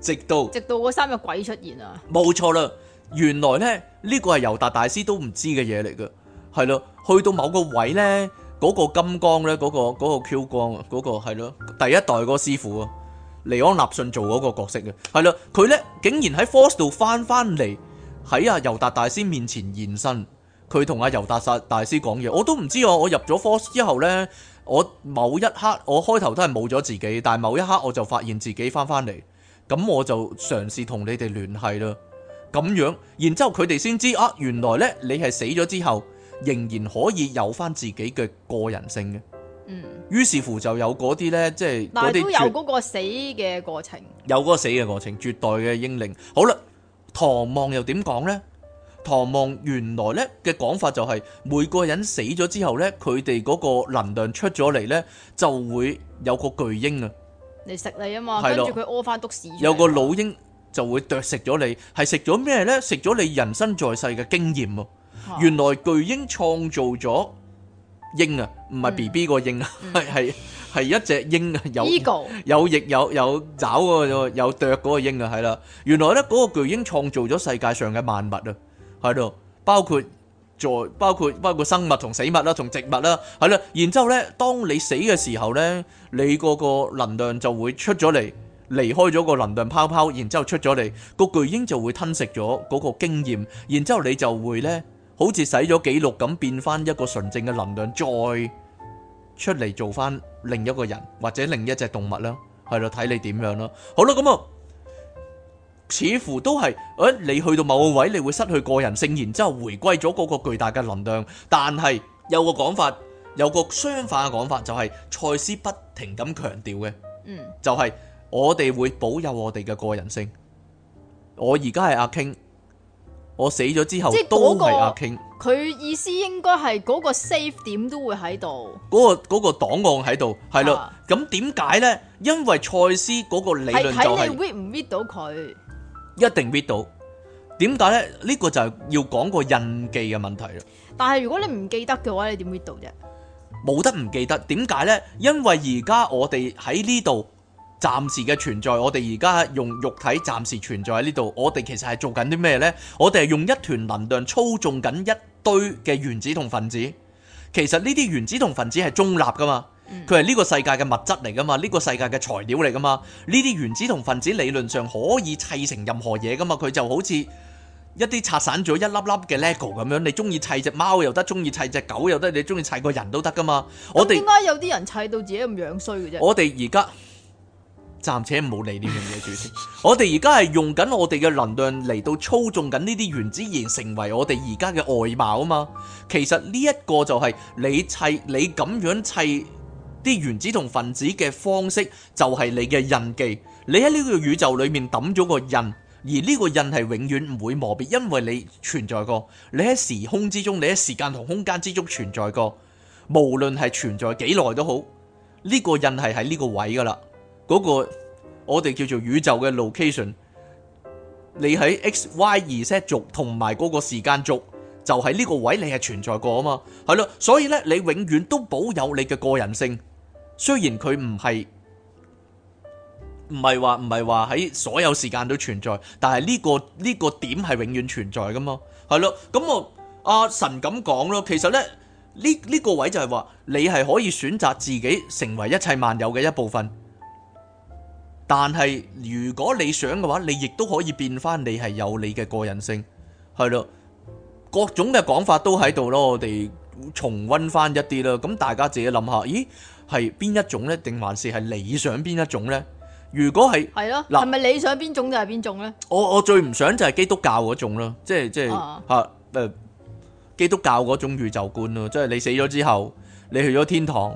直到直到嗰三個鬼出現啊！冇錯啦，原來呢，呢個係尤達大師都唔知嘅嘢嚟噶，係咯，去到某個位呢，嗰個金剛呢，嗰個嗰個 Q 光啊，嗰個係咯，第一代嗰個師傅啊，尼安納遜做嗰個角色嘅，係囉，佢呢，竟然喺 force 度翻翻嚟。喺阿尤達大師面前現身，佢同阿尤達薩大師講嘢，我都唔知我我入咗 force 之後呢，我某一刻我開頭都係冇咗自己，但係某一刻我就發現自己翻翻嚟，咁我就嘗試同你哋聯繫啦，咁樣，然之後佢哋先知啊，原來呢，你係死咗之後仍然可以有翻自己嘅個人性嘅，嗯，於是乎就有嗰啲呢，即係嗰啲都有嗰個死嘅過程，有嗰個死嘅過程，絕代嘅英靈，好啦。唐望又點講呢？唐望原來咧嘅講法就係每個人死咗之後咧，佢哋嗰個能量出咗嚟咧，就會有個巨鷹啊，嚟食你啊嘛，跟住佢屙翻篤屎。有個老鷹就會啄食咗你，係食咗咩呢？食咗你人生在世嘅經驗喎。原來巨鷹創造咗鷹啊，唔係 B B 個鷹啊，係係。係一隻鷹啊，有有翼有有爪，個有啄嗰個鷹啊，係啦。原來咧嗰個巨鷹創造咗世界上嘅萬物啊，喺度包括在包括包括生物同死物啦，同植物啦，係啦。然之後咧，當你死嘅時候咧，你嗰個能量就會出咗嚟，離開咗個能量泡泡，然之後出咗嚟，個巨鷹就會吞食咗嗰個經驗，然之後你就會咧，好似洗咗記錄咁變翻一個純淨嘅能量再。出嚟做翻另一個人或者另一隻動物啦，係咯，睇你點樣咯。好啦，咁啊，似乎都係，誒、呃，你去到某個位，你會失去個人性，然之後回歸咗嗰個巨大嘅能量。但係有個講法，有個相反嘅講法，就係賽斯不停咁強調嘅，嗯，就係、是、我哋會保有我哋嘅個人性。我而家係阿傾，我死咗之後、那個、都係阿傾。佢意思應該係嗰個 safe 點都會喺度，嗰個嗰個檔案喺度，係咯。咁點解呢？因為賽斯嗰個理論就係睇你 read 唔 read 到佢，一定 read 到。點解呢？呢個就係要講個印記嘅問題啦。但係如果你唔記得嘅話，你點 read 到啫？冇得唔記得？點解呢？因為而家我哋喺呢度。暫時嘅存在，我哋而家用肉體暫時存在喺呢度。我哋其實係做緊啲咩呢？我哋係用一團能量操縱緊一堆嘅原子同分子。其實呢啲原子同分子係中立噶嘛，佢係呢個世界嘅物質嚟噶嘛，呢個世界嘅材料嚟噶嘛。呢啲原子同分子理論上可以砌成任何嘢噶嘛，佢就好似一啲拆散咗一粒粒嘅 lego 咁樣。你中意砌隻貓又得，中意砌隻狗又得，你中意砌個人都得噶嘛？我哋點解有啲人砌到自己咁樣衰嘅啫？我哋而家暫且冇理呢樣嘢主先。我哋而家係用緊我哋嘅能量嚟到操縱緊呢啲原子型，成為我哋而家嘅外貌啊嘛。其實呢一個就係你砌，你咁樣砌啲原子同分子嘅方式，就係你嘅印記。你喺呢個宇宙裏面揼咗個印，而呢個印係永遠唔會磨滅，因為你存在過。你喺時空之中，你喺時間同空間之中存在過，無論係存在幾耐都好，呢個印係喺呢個位噶啦。嗰、那個我哋叫做宇宙嘅 location，你喺 x、y 二 set 軸同埋嗰個時間軸，就喺呢個位你係存在過啊嘛，係咯，所以呢，你永遠都保有你嘅個人性，雖然佢唔係唔係話唔係話喺所有時間都存在，但係呢、這個呢、這個點係永遠存在㗎嘛，係咯，咁我阿、啊、神咁講咯，其實呢呢、這個位就係話你係可以選擇自己成為一切萬有嘅一部分。但係如果你想嘅話，你亦都可以變翻你係有你嘅個人性，係咯，各種嘅講法都喺度咯，我哋重溫翻一啲啦。咁大家自己諗下，咦，係邊一種呢？定還是係理想邊一種呢？如果係係咯，係咪的啦理想邊種就係邊種呢？我我最唔想就係基督教嗰種咯，即係即係吓誒，基督教嗰種宇宙觀咯，即係你死咗之後，你去咗天堂，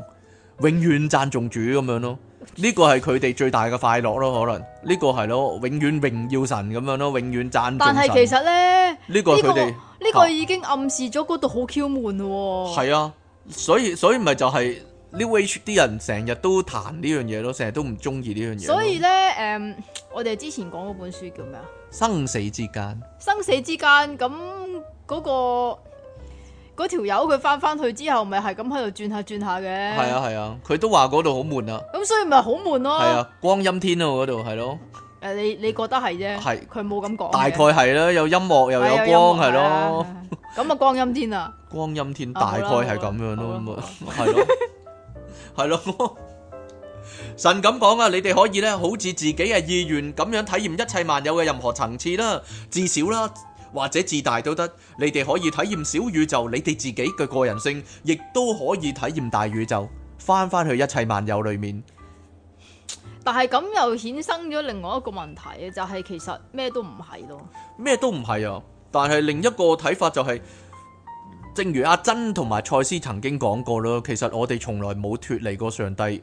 永遠讚頌主咁樣咯。呢個係佢哋最大嘅快樂咯，可能呢個係咯，永遠榮耀神咁樣咯，永遠讚。但係其實咧，呢、這個佢哋呢個已經暗示咗嗰度好悶咯。係啊，所以所以咪就係 New Age 啲人成日都彈呢樣嘢咯，成日都唔中意呢樣嘢。所以咧，誒、嗯，我哋之前講嗰本書叫咩啊？生死之間。生死之間，咁嗰、那個。嗰條友佢翻翻去之後咪係咁喺度轉下轉下嘅，係啊係啊，佢都話嗰度好悶啊，咁所以咪好悶咯，係啊，光音天咯，嗰度係咯，誒你你覺得係啫，係佢冇咁講，大概係啦，有音樂又有光係咯，咁啊光音天啊，光音天大概係咁樣咯，係咯係咯，神咁講啊，你哋可以咧好似自己嘅意願咁樣體驗一切萬有嘅任何層次啦，至少啦。或者自大都得，你哋可以體驗小宇宙，你哋自己嘅個人性，亦都可以體驗大宇宙，翻翻去一切萬有裏面。但係咁又衍生咗另外一個問題，就係、是、其實咩都唔係咯，咩都唔係啊。但係另一個睇法就係、是，正如阿珍同埋蔡斯曾經講過咯，其實我哋從來冇脫離過上帝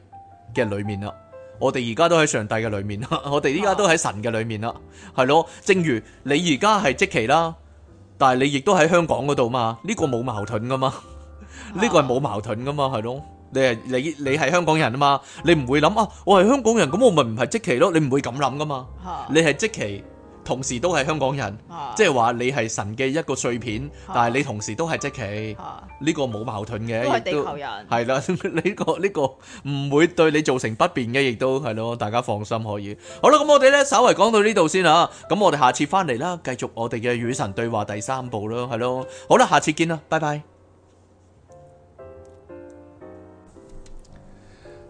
嘅裏面啦。我哋而家都喺上帝嘅裏面，我哋而家都喺神嘅裏面啦，係、啊、咯。正如你而家係積奇啦，但係你亦都喺香港嗰度嘛，呢、這個冇矛盾噶嘛，呢、啊、個係冇矛盾噶嘛，係咯。你係你你係香港人啊嘛，你唔會諗啊，我係香港人，咁我咪唔係積奇咯，你唔會咁諗噶嘛，啊、你係積奇。同時都係香港人，啊、即係話你係神嘅一個碎片，啊、但係你同時都係即其，呢、啊、個冇矛盾嘅，都係地球人，係啦，呢亦都、 呢個呢、呢個唔會對你造成不便嘅，亦都係咯，大家放心可以。好啦，咁我哋呢，稍為講到呢度先嚇，咁我哋下次翻嚟啦，繼續我哋嘅與神對話第三部咯，係咯，好啦，下次見啦，拜拜。